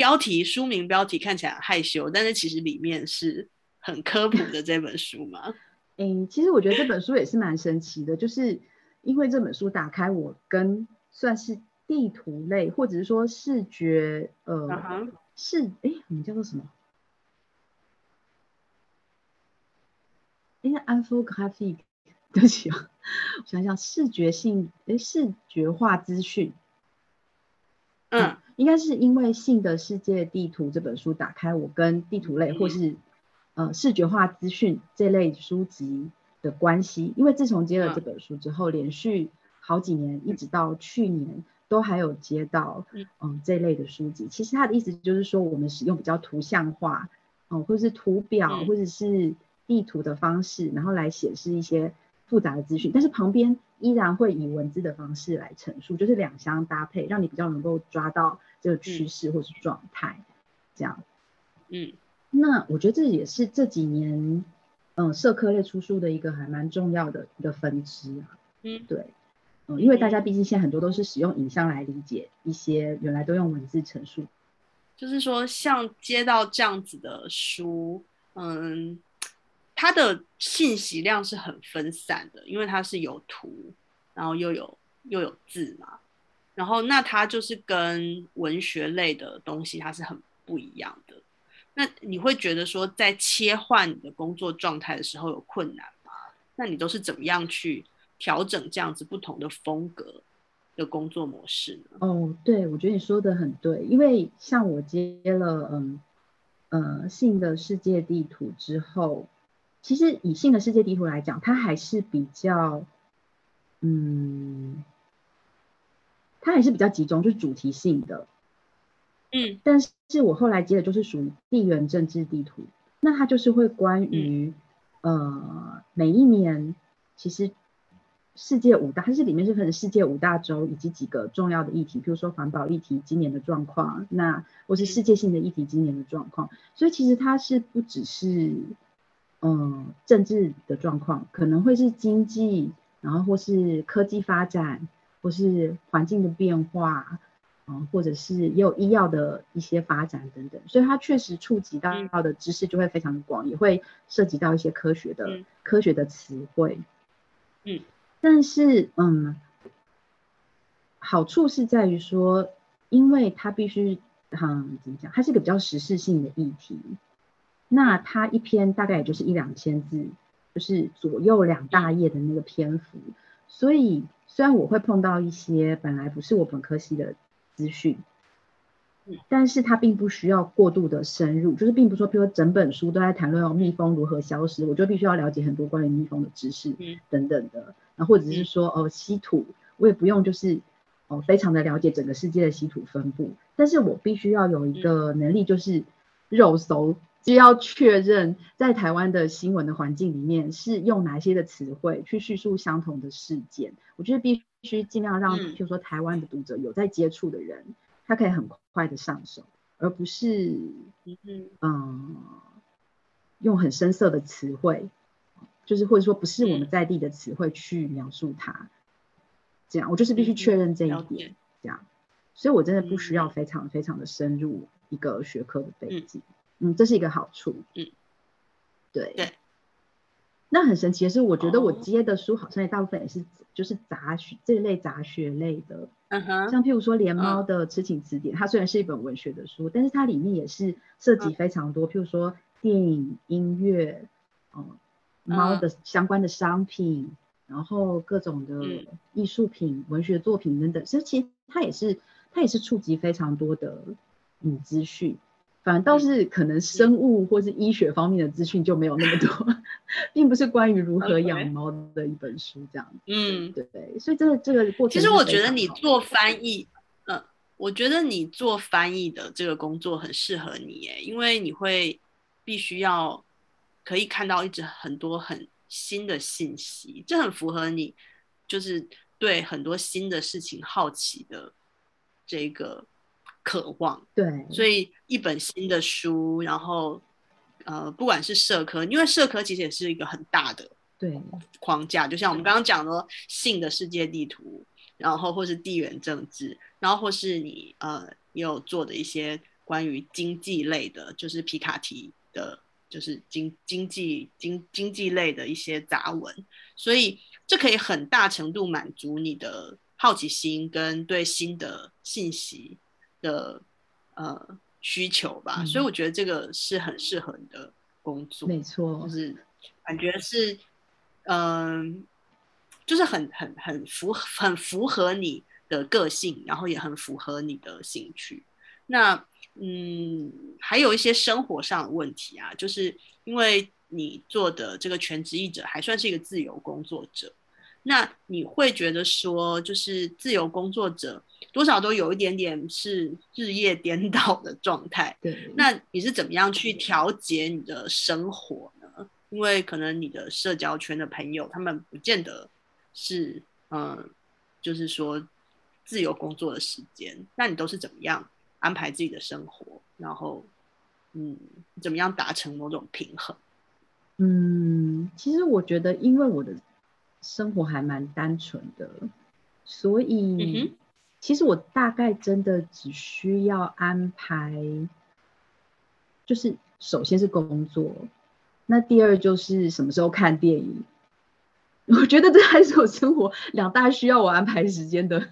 S1: 標題書名標題看起來害羞，但是其實裡面是很科普的這本書嘛。嗯 、
S2: 欸，其實我覺得這本書也是蠻神奇的，就是因為這本書打開我跟算是地圖類，或者是說視覺呃、Uh-huh. 視哎、欸，你叫做什麼？哎 In，infographic，對不起啊，我想想，視覺性哎、欸，視覺化資訊，嗯。嗯應該是因為《性的世界地圖》這本書打開我跟地圖類或是、嗯，呃，視覺化資訊這類書籍的關係。因為自從接了這本書之後，連續好幾年、嗯、一直到去年都還有接到嗯這類的書籍。其實他的意思就是說，我們使用比較圖像化，呃、或者是圖表、嗯、或者是地圖的方式，然後來顯示一些。複雜的資訊，但是旁邊依然會以文字的方式來陳述，就是兩相搭配，讓你比較能夠抓到這個趨勢或是狀態，嗯，這樣。嗯，那我覺得這也是這幾年，嗯，社科類出書的一個還蠻重要的一個分支啊。嗯，對，嗯，因為大家畢竟現在很多都是使用影像來理解一些原來都用文字陳述，
S1: 就是說像接到這樣子的書，嗯。它的信息量是很分散的，因為它是有圖，然後又有又有字嘛，然後那它就是跟文學類的東西它是很不一樣的。那你會覺得說在切換你的工作狀態的時候有困難嗎？那你都是怎麼樣去調整這樣子不同的風格的工作模式呢？
S2: 哦，對，我覺得你說的很對，因為像我接了嗯呃《呃、性的世界地圖》之後。其實以性的世界地圖來講，它還是比較，嗯，它還是比較集中，就是主題性的。嗯，但是我後來接的就是屬於地緣政治地圖，那它就是會關於，嗯，呃，每一年其實世界五大，它是裡面是分世界五大洲以及幾個重要的議題，比如說環保議題今年的狀況，那或是世界性的議題今年的狀況，所以其實它是不只是。嗯，政治的狀況可能會是經濟，然後或是科技發展，或是環境的變化，嗯，或者是也有醫藥的一些發展等等，所以它確實觸及到的知識就會非常的廣，嗯，也會涉及到一些科學的，嗯，科學的詞彙。嗯，但是嗯，好處是在於說，因為它必須，嗯，怎麼講，它是一個比較時事性的議題。那它一篇大概也就是一兩千字，就是左右兩大頁的那個篇幅。所以雖然我會碰到一些本來不是我本科系的資訊，但是它並不需要過度的深入，就是並不說，比如說整本書都在談論哦蜜蜂如何消失，我就必須要了解很多關於蜜蜂的知識，嗯，等等的。那或者是說，嗯，哦稀土，我也不用就是哦非常的了解整個世界的稀土分佈，但是我必須要有一個能力就是肉搜。就要確認在台灣的新聞的環境裡面是用哪些的詞彙去敘述相同的事件。我覺得必須盡量讓，就、嗯、說台灣的讀者有在接觸的人，他可以很快的上手，而不是，嗯，嗯用很生澀的詞彙，就是或者說不是我們在地的詞彙去描述它。這樣，我就是必須確認這一點。這樣，所以我真的不需要非常非常的深入一個學科的背景。嗯嗯嗯，這是一個好處。嗯，對，那很神奇的是，我覺得我接的書好像也大部分也是、oh. 就是雜學這類雜學類的。嗯哼，像譬如說《連貓的癡情辭典》uh，-huh. 它雖然是一本文學的書，但是它裡面也是涉及非常多，uh -huh. 譬如說電影、音樂，嗯，貓的相關的商品，uh -huh. 然後各種的藝術品、uh -huh. 文學作品等等。所以其實它也是它也是觸及非常多的嗯資訊。反倒是可能生物或是醫學方面的資訊就沒有那麼多，並不是關於如何養貓的一本書這樣。嗯，okay. 對，對。所以這個這個過程，其實我覺得你
S1: 做翻譯，嗯，我覺得你做翻譯的這個工作很適合你耶，因為你會必須要可以看到一直很多很新的信息，這很符合你就是對很多新的事情好奇的這個。渴望，對，所以一本新的書，然後，呃，不管是社科，因為社科其實也是一個很大的
S3: 對
S1: 框架，對，就像我們剛剛講的性的世界地圖，然後或是地緣政治，然後或是你呃你有做的一些關於經濟類的，就是皮卡提的，就是經經濟經經濟類的一些雜文，所以這可以很大程度滿足你的好奇心跟對新的信息的呃需求吧。嗯，所以我覺得這個是很適合你的工作，沒錯，就是感覺是嗯、呃，就是很很很符合很符合你的個性，然後也很符合你的興趣。那嗯，還有一些生活上的問題啊，就是因為你做的這個全職譯者還算是一個自由工作者。那你會覺得說，就是自由工作者多少都有一點點是日夜顛倒的狀態。
S3: 對，
S1: 那你是怎麼樣去調節你的生活呢？因為可能你的社交圈的朋友，他們不見得是嗯，就是說自由工作的時間。那你都是怎麼樣安排自己的生活？然後，嗯，怎麼樣達成某種
S2: 平衡？嗯，其實我覺得，因為我的。生活還蠻單純的，所以其實我大概真的只需要安排，就是首先是工作，那第二就是什麼時候看電影。我覺得這還是我生活兩大需要我安排時間的。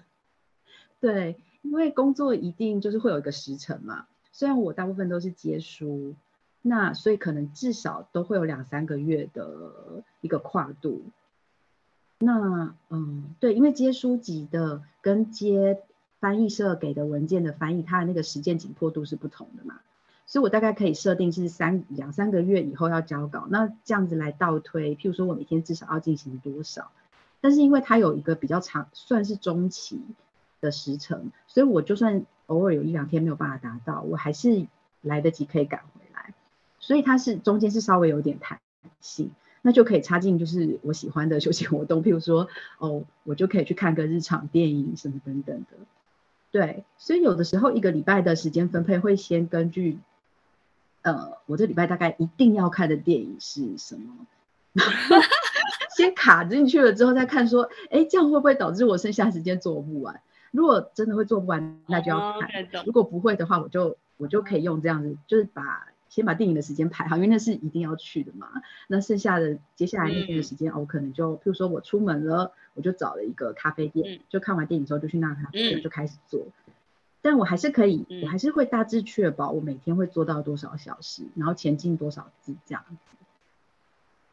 S2: 對，因為工作一定就是會有一個時程嘛，雖然我大部分都是接書，那所以可能至少都會有兩三個月的一個跨度。那嗯，對，因為接書籍的跟接翻譯社給的文件的翻譯，它的那個時間緊迫度是不同的嘛，所以我大概可以設定是三兩三個月以後要交稿，那這樣子來倒推，譬如說我每天至少要進行多少，但是因為它有一個比較長，算是中期的時程，所以我就算偶爾有一兩天沒有辦法達到，我還是來得及可以趕回來，所以它是中間是稍微有點彈性。那就可以插進，就是我喜歡的休閒活動，譬如說，哦，我就可以去看個日場電影什麼等等的，對。所以有的時候一個禮拜的時間分配會先根據，呃，我這禮拜大概一定要看的電影是什麼， 先卡進去了之後再看，說，哎、欸，這樣會不會導致我剩下時間做不完？如果真的會做不完，那就要看；如果不會的話，我就我就可以用這樣子，就是把。先把電影的時間排好，因為那是一定要去的嘛。那剩下的接下來那天的時間，嗯，我可能就，譬如說我出門了，我就找了一個咖啡店，嗯、就看完電影之後就去那咖啡店，嗯、就開始做。但我還是可以，嗯、我還是會大致確保我每天會做到多少小時，然後前進多少字，這，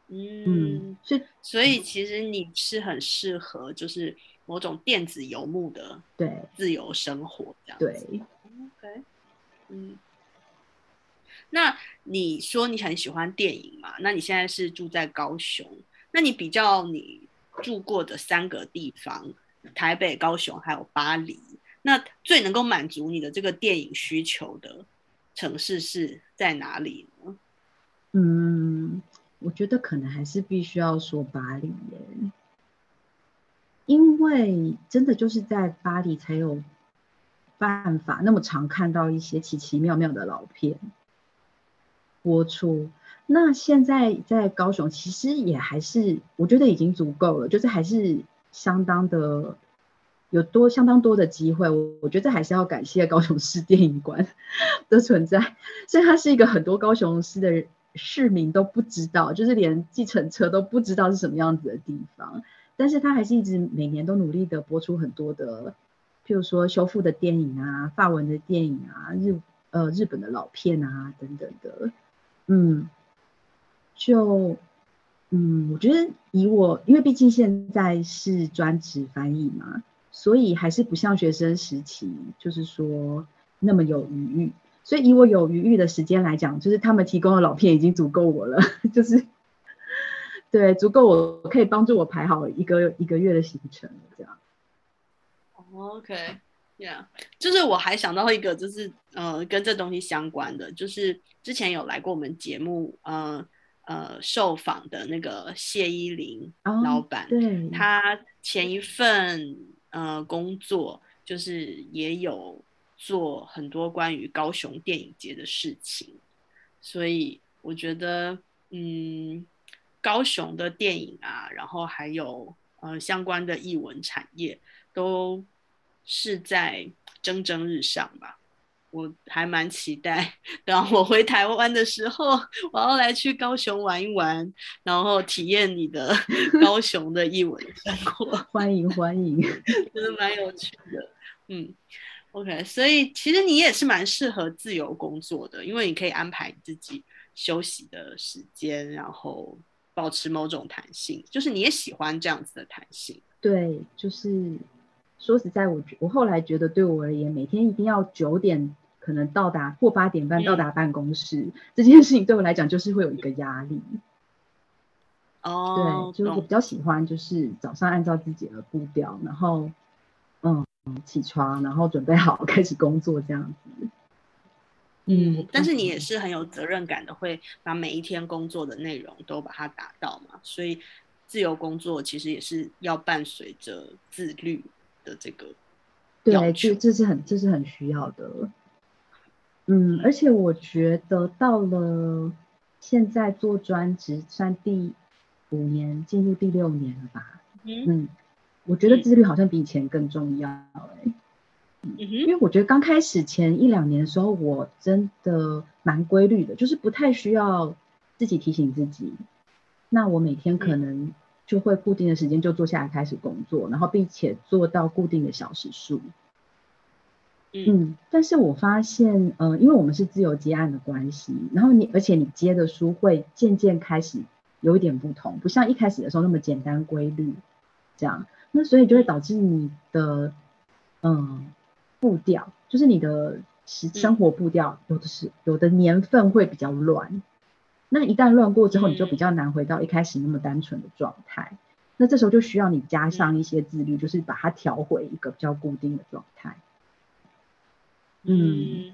S2: 嗯嗯、這樣子。
S1: 嗯，所以所以其實你是很適合就是某種電子遊牧的，對自由生活
S2: 對，對，
S3: 嗯。
S1: 那你說你很喜歡電影嘛？那你現在是住在高雄，那你比較你住過的三個地方，台北、高雄還有巴黎，那最能夠滿足你的這個電影需求的城市是在哪裡呢？嗯，
S2: 我覺得可能還是必須要說巴黎耶，因為真的就是在巴黎才有辦法，那麼常看到一些奇奇妙妙的老片。播出。那現在在高雄其實也還是我覺得已經足夠了，就是還是相當的有多相當多的機會。我我覺得還是要感謝高雄市電影館的存在，所以它是一個很多高雄市的市民都不知道，就是連計程車都不知道是什麼樣子的地方，但是它還是一直每年都努力的播出很多的，譬如說修復的電影啊、法文的電影啊、日呃日本的老片啊等等的。嗯，就嗯，我覺得以我，因為畢竟現在是專職翻譯嘛，所以還是不像學生時期，就是說那麼有餘裕。所以以我有餘裕的時間來講，就是他們提供的老片已經足夠我了，就是對，足夠我，我可以幫助我排好一個一個月的行程這樣。Oh,
S1: OK。Yeah，就是我還想到一個，就是呃，跟這東西相關的，就是之前有來過我們節目，呃呃，受訪的那個謝依霖老板，oh, 對，他前一份呃工作就是也有做很多關於高雄電影節的事情，所以我覺得，嗯，高雄的電影啊，然後還有呃相關的藝文產業都。是在蒸蒸日上吧，我還蠻期待。等我回台灣的時候，我要來去高雄玩一玩，然後體驗你的高雄的譯文生
S2: 活。歡迎歡迎，歡
S1: 迎 真的蠻有趣的。嗯，OK，所以其實你也是蠻適合自由工作的，因為你可以安排自己休息的時間，然後保持某種彈性。就是你也喜歡這樣子的彈性。
S2: 對，就是。說實在，我我後來覺得，對我而言，每天一定要九點可能到達或八點半到達辦公室，嗯、這件事情，對我來講就是會有一個壓力。哦，對，就我比較喜歡就是早上按照自己的步調，然後嗯起床，然後準備好開始工作這樣子。嗯，
S1: 但是你也是很有責任感的，會把每一天工作的內容都把它達到嘛。所以自由工作其實也是要伴隨着自律。
S2: 這個，對，這是很這是很需要的，嗯，而且我覺得到了現在做專職算第五年，進入第六年了吧，嗯，嗯，我覺得自律好像比以前更重要欸，嗯嗯，因為我覺得剛開始前一兩年的時候，我真的蠻規律的，就是不太需要自己提醒自己，那我每天可能。就會固定的時間就坐下來開始工作，然後並且做到固定的小時數。嗯，嗯，但是我發現，呃，因為我們是自由接案的關係，然後你而且你接的書會漸漸開始有一點不同，不像一開始的時候那麼簡單規律這樣，那所以就會導致你的嗯、呃、步調，就是你的生生活步調，嗯、有的是有的年份會比較亂。那一旦亂過之後，你就比較難回到一開始那麼單純的狀態，嗯。那這時候就需要你加上一些自律，嗯、就是把它調回一個比較固定的狀態。嗯，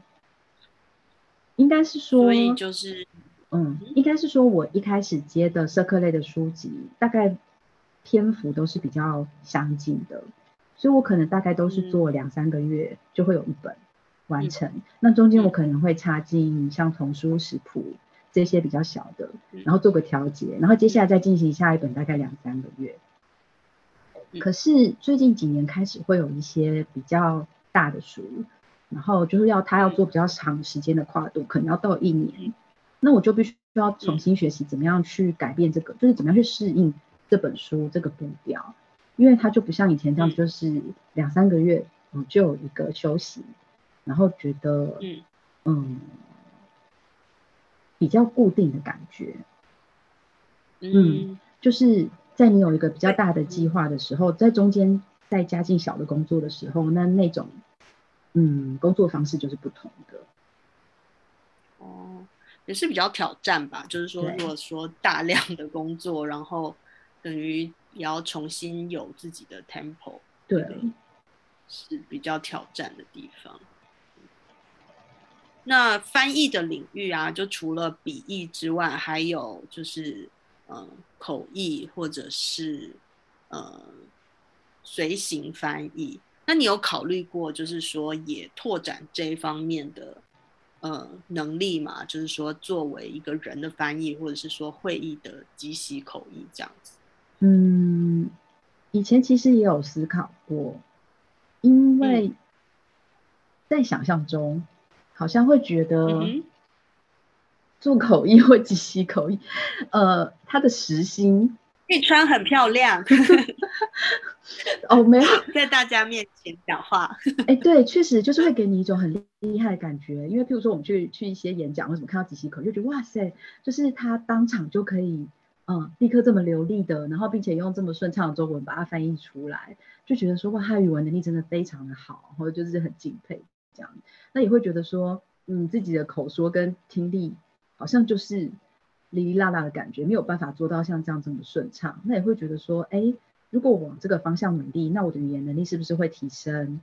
S2: 應該是說，所以就是，嗯，應該是說，我一開始接的社科類的書籍，大概篇幅都是比較相近的，所以我可能大概都是做兩三個月就會有一本完成。嗯、那中間我可能會插進像童書食譜。這些比較小的，然後做個調節、嗯，然後接下來再進行下一本，大概兩三個月、嗯。可是最近幾年開始會有一些比較大的書，然後就是要他要做比較長時間的跨度、嗯，可能要到一年，嗯、那我就必須要重新學習怎麼樣去改變這個，嗯、就是怎麼樣去適應這本書這個步調，因為它就不像以前這樣，就是兩三個月我就有一個休息，然後覺得嗯。嗯比較固定的感覺嗯，嗯，就是在你有一個比較大的計劃的時候，在中間再加進小的工作的時候，那那種，嗯，工作方式就是不同的。
S1: 哦，也是比較挑戰吧。就是說，如果說大量的工作，然後等於也要重新有自己的 tempo，對，這個是比較挑戰的地方。那翻譯的領域啊，就除了筆譯之外，還有就是嗯口譯或者是呃、嗯、隨行翻譯。那你有考慮過，就是說也拓展這一方面的呃、嗯、能力嘛？就是說作為一個人的翻譯，或者是說會議的即席口譯這樣子？
S2: 嗯，以前其實也有思考過，因為在想象中。嗯。好像會覺得做、嗯、口譯或即席口譯，呃，他的實心
S1: 一穿很漂亮。哦、 oh，沒有在大家面前講話。
S2: 哎、 欸，對，確實就是會給你一種很厲害的感覺。因為譬如說我們去去一些演講，或什麼看到即席口，就覺得哇塞，就是他當場就可以，嗯，立刻這麼流利的，然後並且用這麼順暢的中文把它翻譯出來，就覺得說哇，他語文能力真的非常的好，或者就是很敬佩。這樣那也會覺得說，嗯，自己的口說跟聽力好像就是哩哩啦啦的感覺，沒有辦法做到像這樣這麼順暢。那也會覺得說，哎，如果我往這個方向努力，那我的語言能力是不是會提升？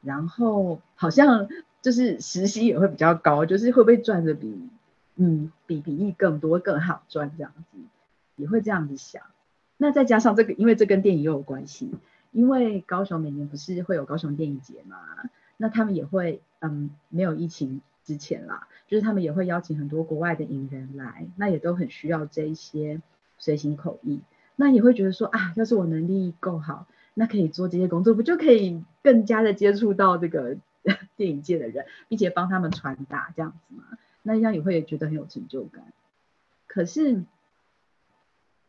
S2: 然後好像就是時薪也會比較高，就是會不會賺的比嗯比筆譯更多更好賺這樣子，也會這樣子想。那再加上這個，因為這跟電影也有關係，因為高雄每年不是會有高雄電影節嘛。那他們也會，嗯，沒有疫情之前啦，就是他們也會邀請很多國外的影人來，那也都很需要這一些隨行口譯。那也會覺得說啊，要是我能力夠好，那可以做這些工作，不就可以更加的接觸到這個電影界的人，並且幫他們傳達這樣子嗎？那一樣也會覺得很有成就感。可是，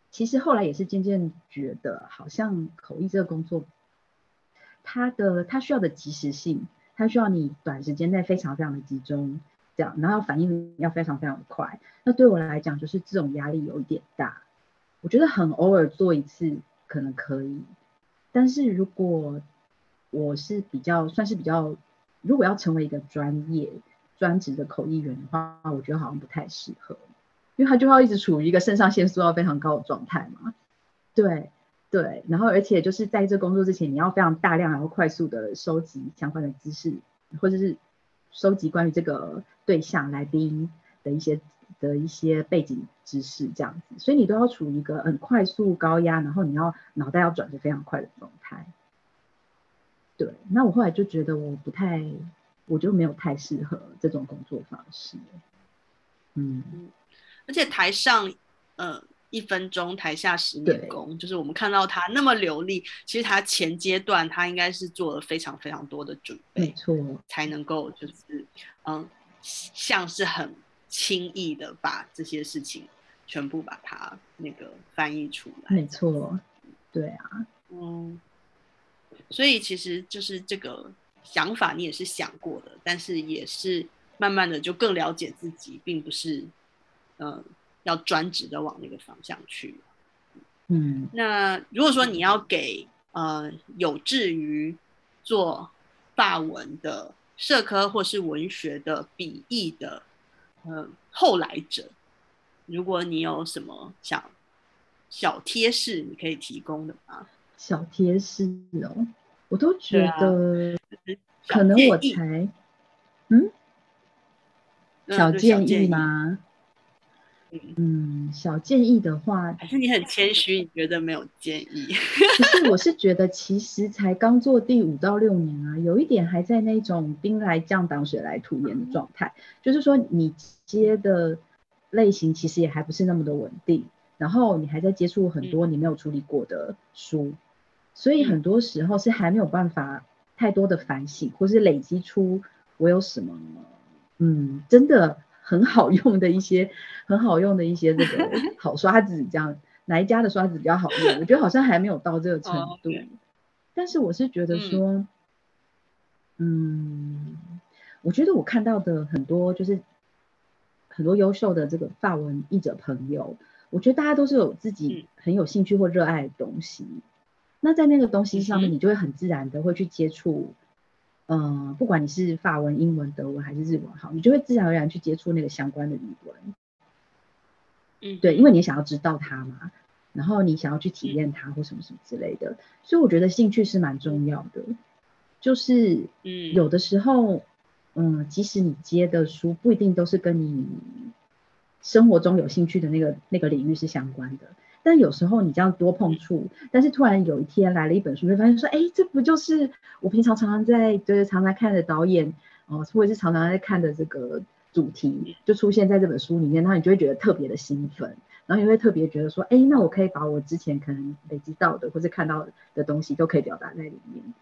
S2: 其實後來也是漸漸覺得，好像口譯這個工作，它的它需要的即時性，它需要你短時間內非常非常的集中，這樣，然後反應要非常非常的快。那對我來講，就是這種壓力有一點大。我覺得很偶爾做一次可能可以，但是如果我是比較算是比較，如果要成為一個專業專職的口譯員的話，我覺得好像不太適合，因為它就要一直處於一個腎上腺素要非常高的狀態嘛。對。對，然後而且就是在這工作之前，你要非常大量然後快速的收集相關的知識，或者是，是收集關於這個對象來賓的一些的一些背景知識，這樣子，所以你都要處於一個很快速高壓，然後你要腦袋要轉的非常快的狀態。對，那我後來就覺得我不太，我就沒有太適合這種工作方式。嗯，
S1: 而且台上，嗯、呃。一分鐘台下十年功，就是我們看到他那麼流利，其實他前階段他應該是做了非常非常多的準備，
S2: 沒錯，
S1: 才能夠就是嗯，像是很輕易的把這些事情全部把它那個翻譯出
S2: 來，沒錯，對啊，嗯，
S1: 所以其實就是這個想法你也是想過的，但是也是慢慢的就更了解自己，並不是嗯。要專職的往那個方向去，嗯，那如果說你要給呃有志於做法文的社科或是文學的筆譯的，呃，後來者，如果你有什麼小小貼士，你可以提供的嗎？
S2: 小貼士喔，我都覺得，啊，可能我才嗯，小建議嗎？嗯，小建議的話，還
S1: 是你很謙虛，嗯，你覺得沒有建議。
S2: 其實我是覺得，其實才剛做第五到六年啊， 有一點還在那種兵來將擋水來土掩的狀態，嗯，就是說你接的類型其實也還不是那麼的穩定，然後你還在接觸很多你沒有處理過的書，嗯，所以很多時候是還沒有辦法太多的反省，或是累積出我有什麼，嗯，真的。很好用的一些，很好用的一些這個好刷子，這樣 哪一家的刷子比較好用？我覺得好像還沒有到這個程度。Oh, okay. 但是我是覺得說嗯，嗯，我覺得我看到的很多就是很多優秀的這個法文譯者朋友，我覺得大家都是有自己很有興趣或熱愛的東西。嗯，那在那個東西上面，你就會很自然的會去接觸。嗯，不管你是法文、英文、德文、還是日文，好，你就會自然而然去接觸那個相關的語文。嗯，
S3: 對，
S2: 因為你想要知道它嘛，然後你想要去體驗它或什麼什麼之類的，所以我覺得興趣是蠻重要的。就是，嗯，有的時候嗯、嗯，即使你接的書不一定都是跟你生活中有興趣的那個那個領域是相關的。但有時候你這樣多碰觸，但是突然有一天來了一本書，就發現說，哎、欸，這不就是我平常常常在就是常常看的導演，哦，或者是常常在看的這個主題，就出現在這本書裡面，然後你就會覺得特別的興奮，然後你會特別覺得說，哎、欸，那我可以把我之前可能累積到的或者看到的東西都可以表達在裡面。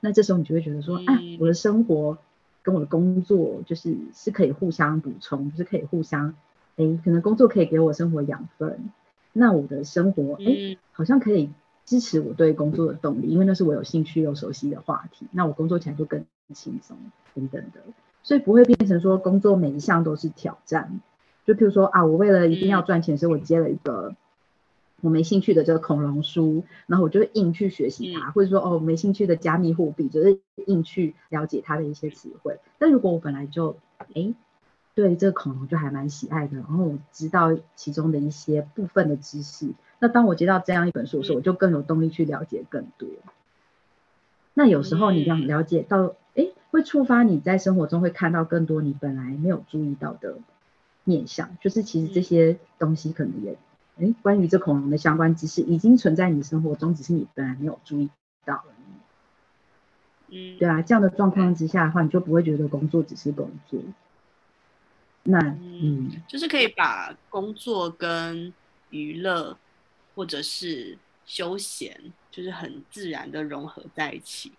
S2: 那這時候你就會覺得說，哎、啊，我的生活跟我的工作就是是可以互相補充，就是可以互相，哎、欸，可能工作可以給我生活養分。那我的生活，哎，好像可以支持我對工作的動力，因為那是我有興趣又熟悉的話題，那我工作起來就更輕鬆等等的，所以不會變成說工作每一項都是挑戰。就譬如說啊，我為了一定要賺錢，所以我接了一個我沒興趣的這個恐龍書，然後我就會硬去學習它，或者說，哦，沒興趣的加密貨幣，就是硬去了解它的一些詞彙。但如果我本來就哎。誒對這個恐龍就還蠻喜愛的，然後我知道其中的一些部分的知識。那當我接到這樣一本書的時候，我就更有動力去了解更多。那有時候你要了解到，哎、欸，會觸發你在生活中會看到更多你本來沒有注意到的面向，就是其實這些東西可能也，哎、欸，關於這恐龍的相關知識已經存在你生活中，只是你本來沒有注意到。嗯，對啊，這樣的狀況之下的話，你就不會覺得工作只是工作。那嗯，
S1: 就是可以把工作跟娛樂或者是休閒，就是很自然的融合在一起，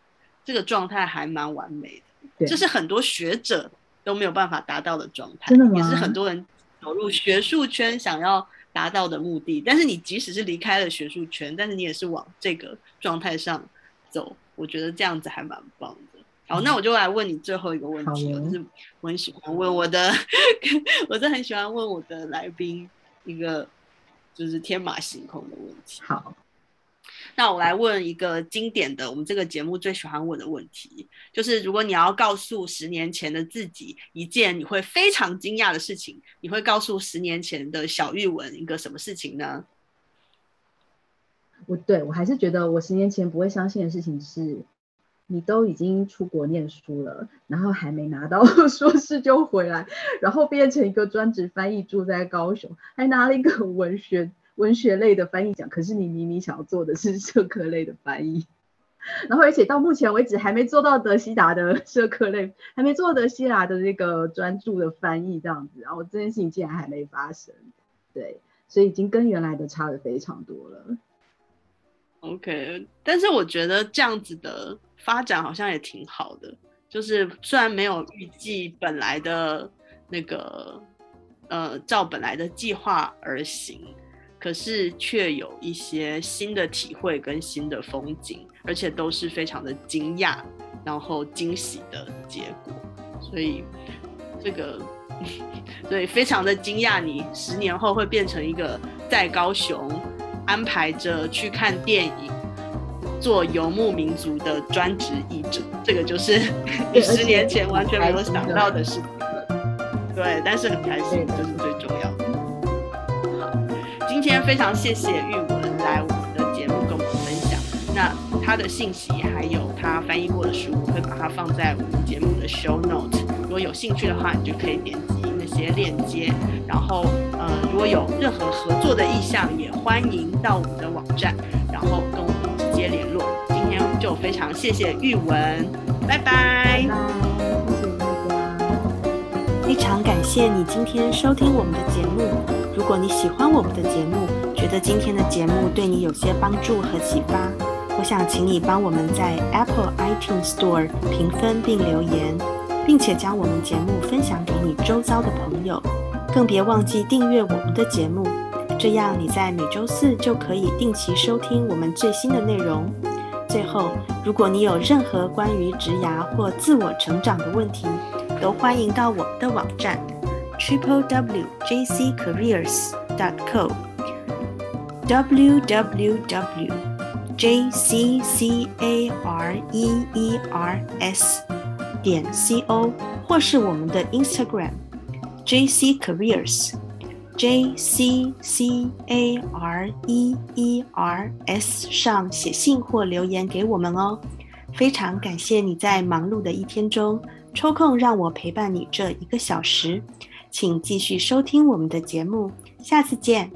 S1: 這個狀態還蠻完美的。對，這是很多學者都沒有辦法達到的狀態，真的嗎？也是很多人走入學術圈想要達到的目的。但是你即使是離開了學術圈，但是你也是往這個狀態上走，我覺得這樣子還蠻棒的。好，那我就來問你最後一個問題，就是我很喜歡問我的， 我是很喜歡問我的來賓一個就是天馬行空的問題。好，那我來問一個經典的，我們這個節目最喜歡問的問題，就是如果你要告訴十年前的自己一件你會非常驚訝的事情，你會告訴十年前的小郁雯一個什麼事情呢？
S2: 我對我還是覺得我十年前不會相信的事情是。你都已經出國念書了，然後還沒拿到碩士就回來，然後變成一個專職翻譯，住在高雄，還拿了一個文學文學類的翻譯獎。可是你明明想要做的是社科類的翻譯，然後而且到目前為止還沒做到德希達的社科類，還沒做德希達的那個專注的翻譯這樣子。然後這件事情竟然還沒發生，對，所以已經跟原來的差了非常多了。OK，但是我覺
S1: 得這樣子的發展好像也挺好的，就是雖然沒有預計本來的那個，呃，照本來的計劃而行，可是卻有一些新的體會跟新的風景，而且都是非常的驚訝，然後驚喜的結果。所以這個，對，非常的驚訝，你十年後會變成一個在高雄。安排着去看電影，做游牧民族的專職譯者，這個就是十年前完全沒有想到的事情。對，但是很開心，這是最重要的。好，今天非常謝謝郁雯來我們的節目跟我們分享。那他的信息還有他翻譯過的書，我會把它放在我們節目的 show note。如果有興趣的話，你就可以點擊。接鏈接，然後呃，如果有任何合作的意向，也歡迎到我們的網站，然後跟我們直接聯絡。今天就非常謝謝郁雯，拜拜。
S3: 非常感謝你今天收聽我們的節目。如果你喜歡我們的節目，覺得今天的節目對你有些幫助和啟發，我想請你幫我們在 Apple iTunes Store 評分並留言。並且將我們節目分享給你週遭的朋友，更別忘記訂閱我們的節目，這樣你在每週四就可以定期收聽我們最新的內容。最後，如果你有任何關於職涯或自我成長的問題，都歡迎到我們的網站 triple w jccareers.co w w w j c c a r e e r s 點 co，或是我們的 Instagram J C Careers J C C A R E E R S 上寫信或留言給我們哦。非常感謝你在忙碌的一天中，抽空讓我陪伴你這一個小時，請繼續收聽我們的節目，下次見。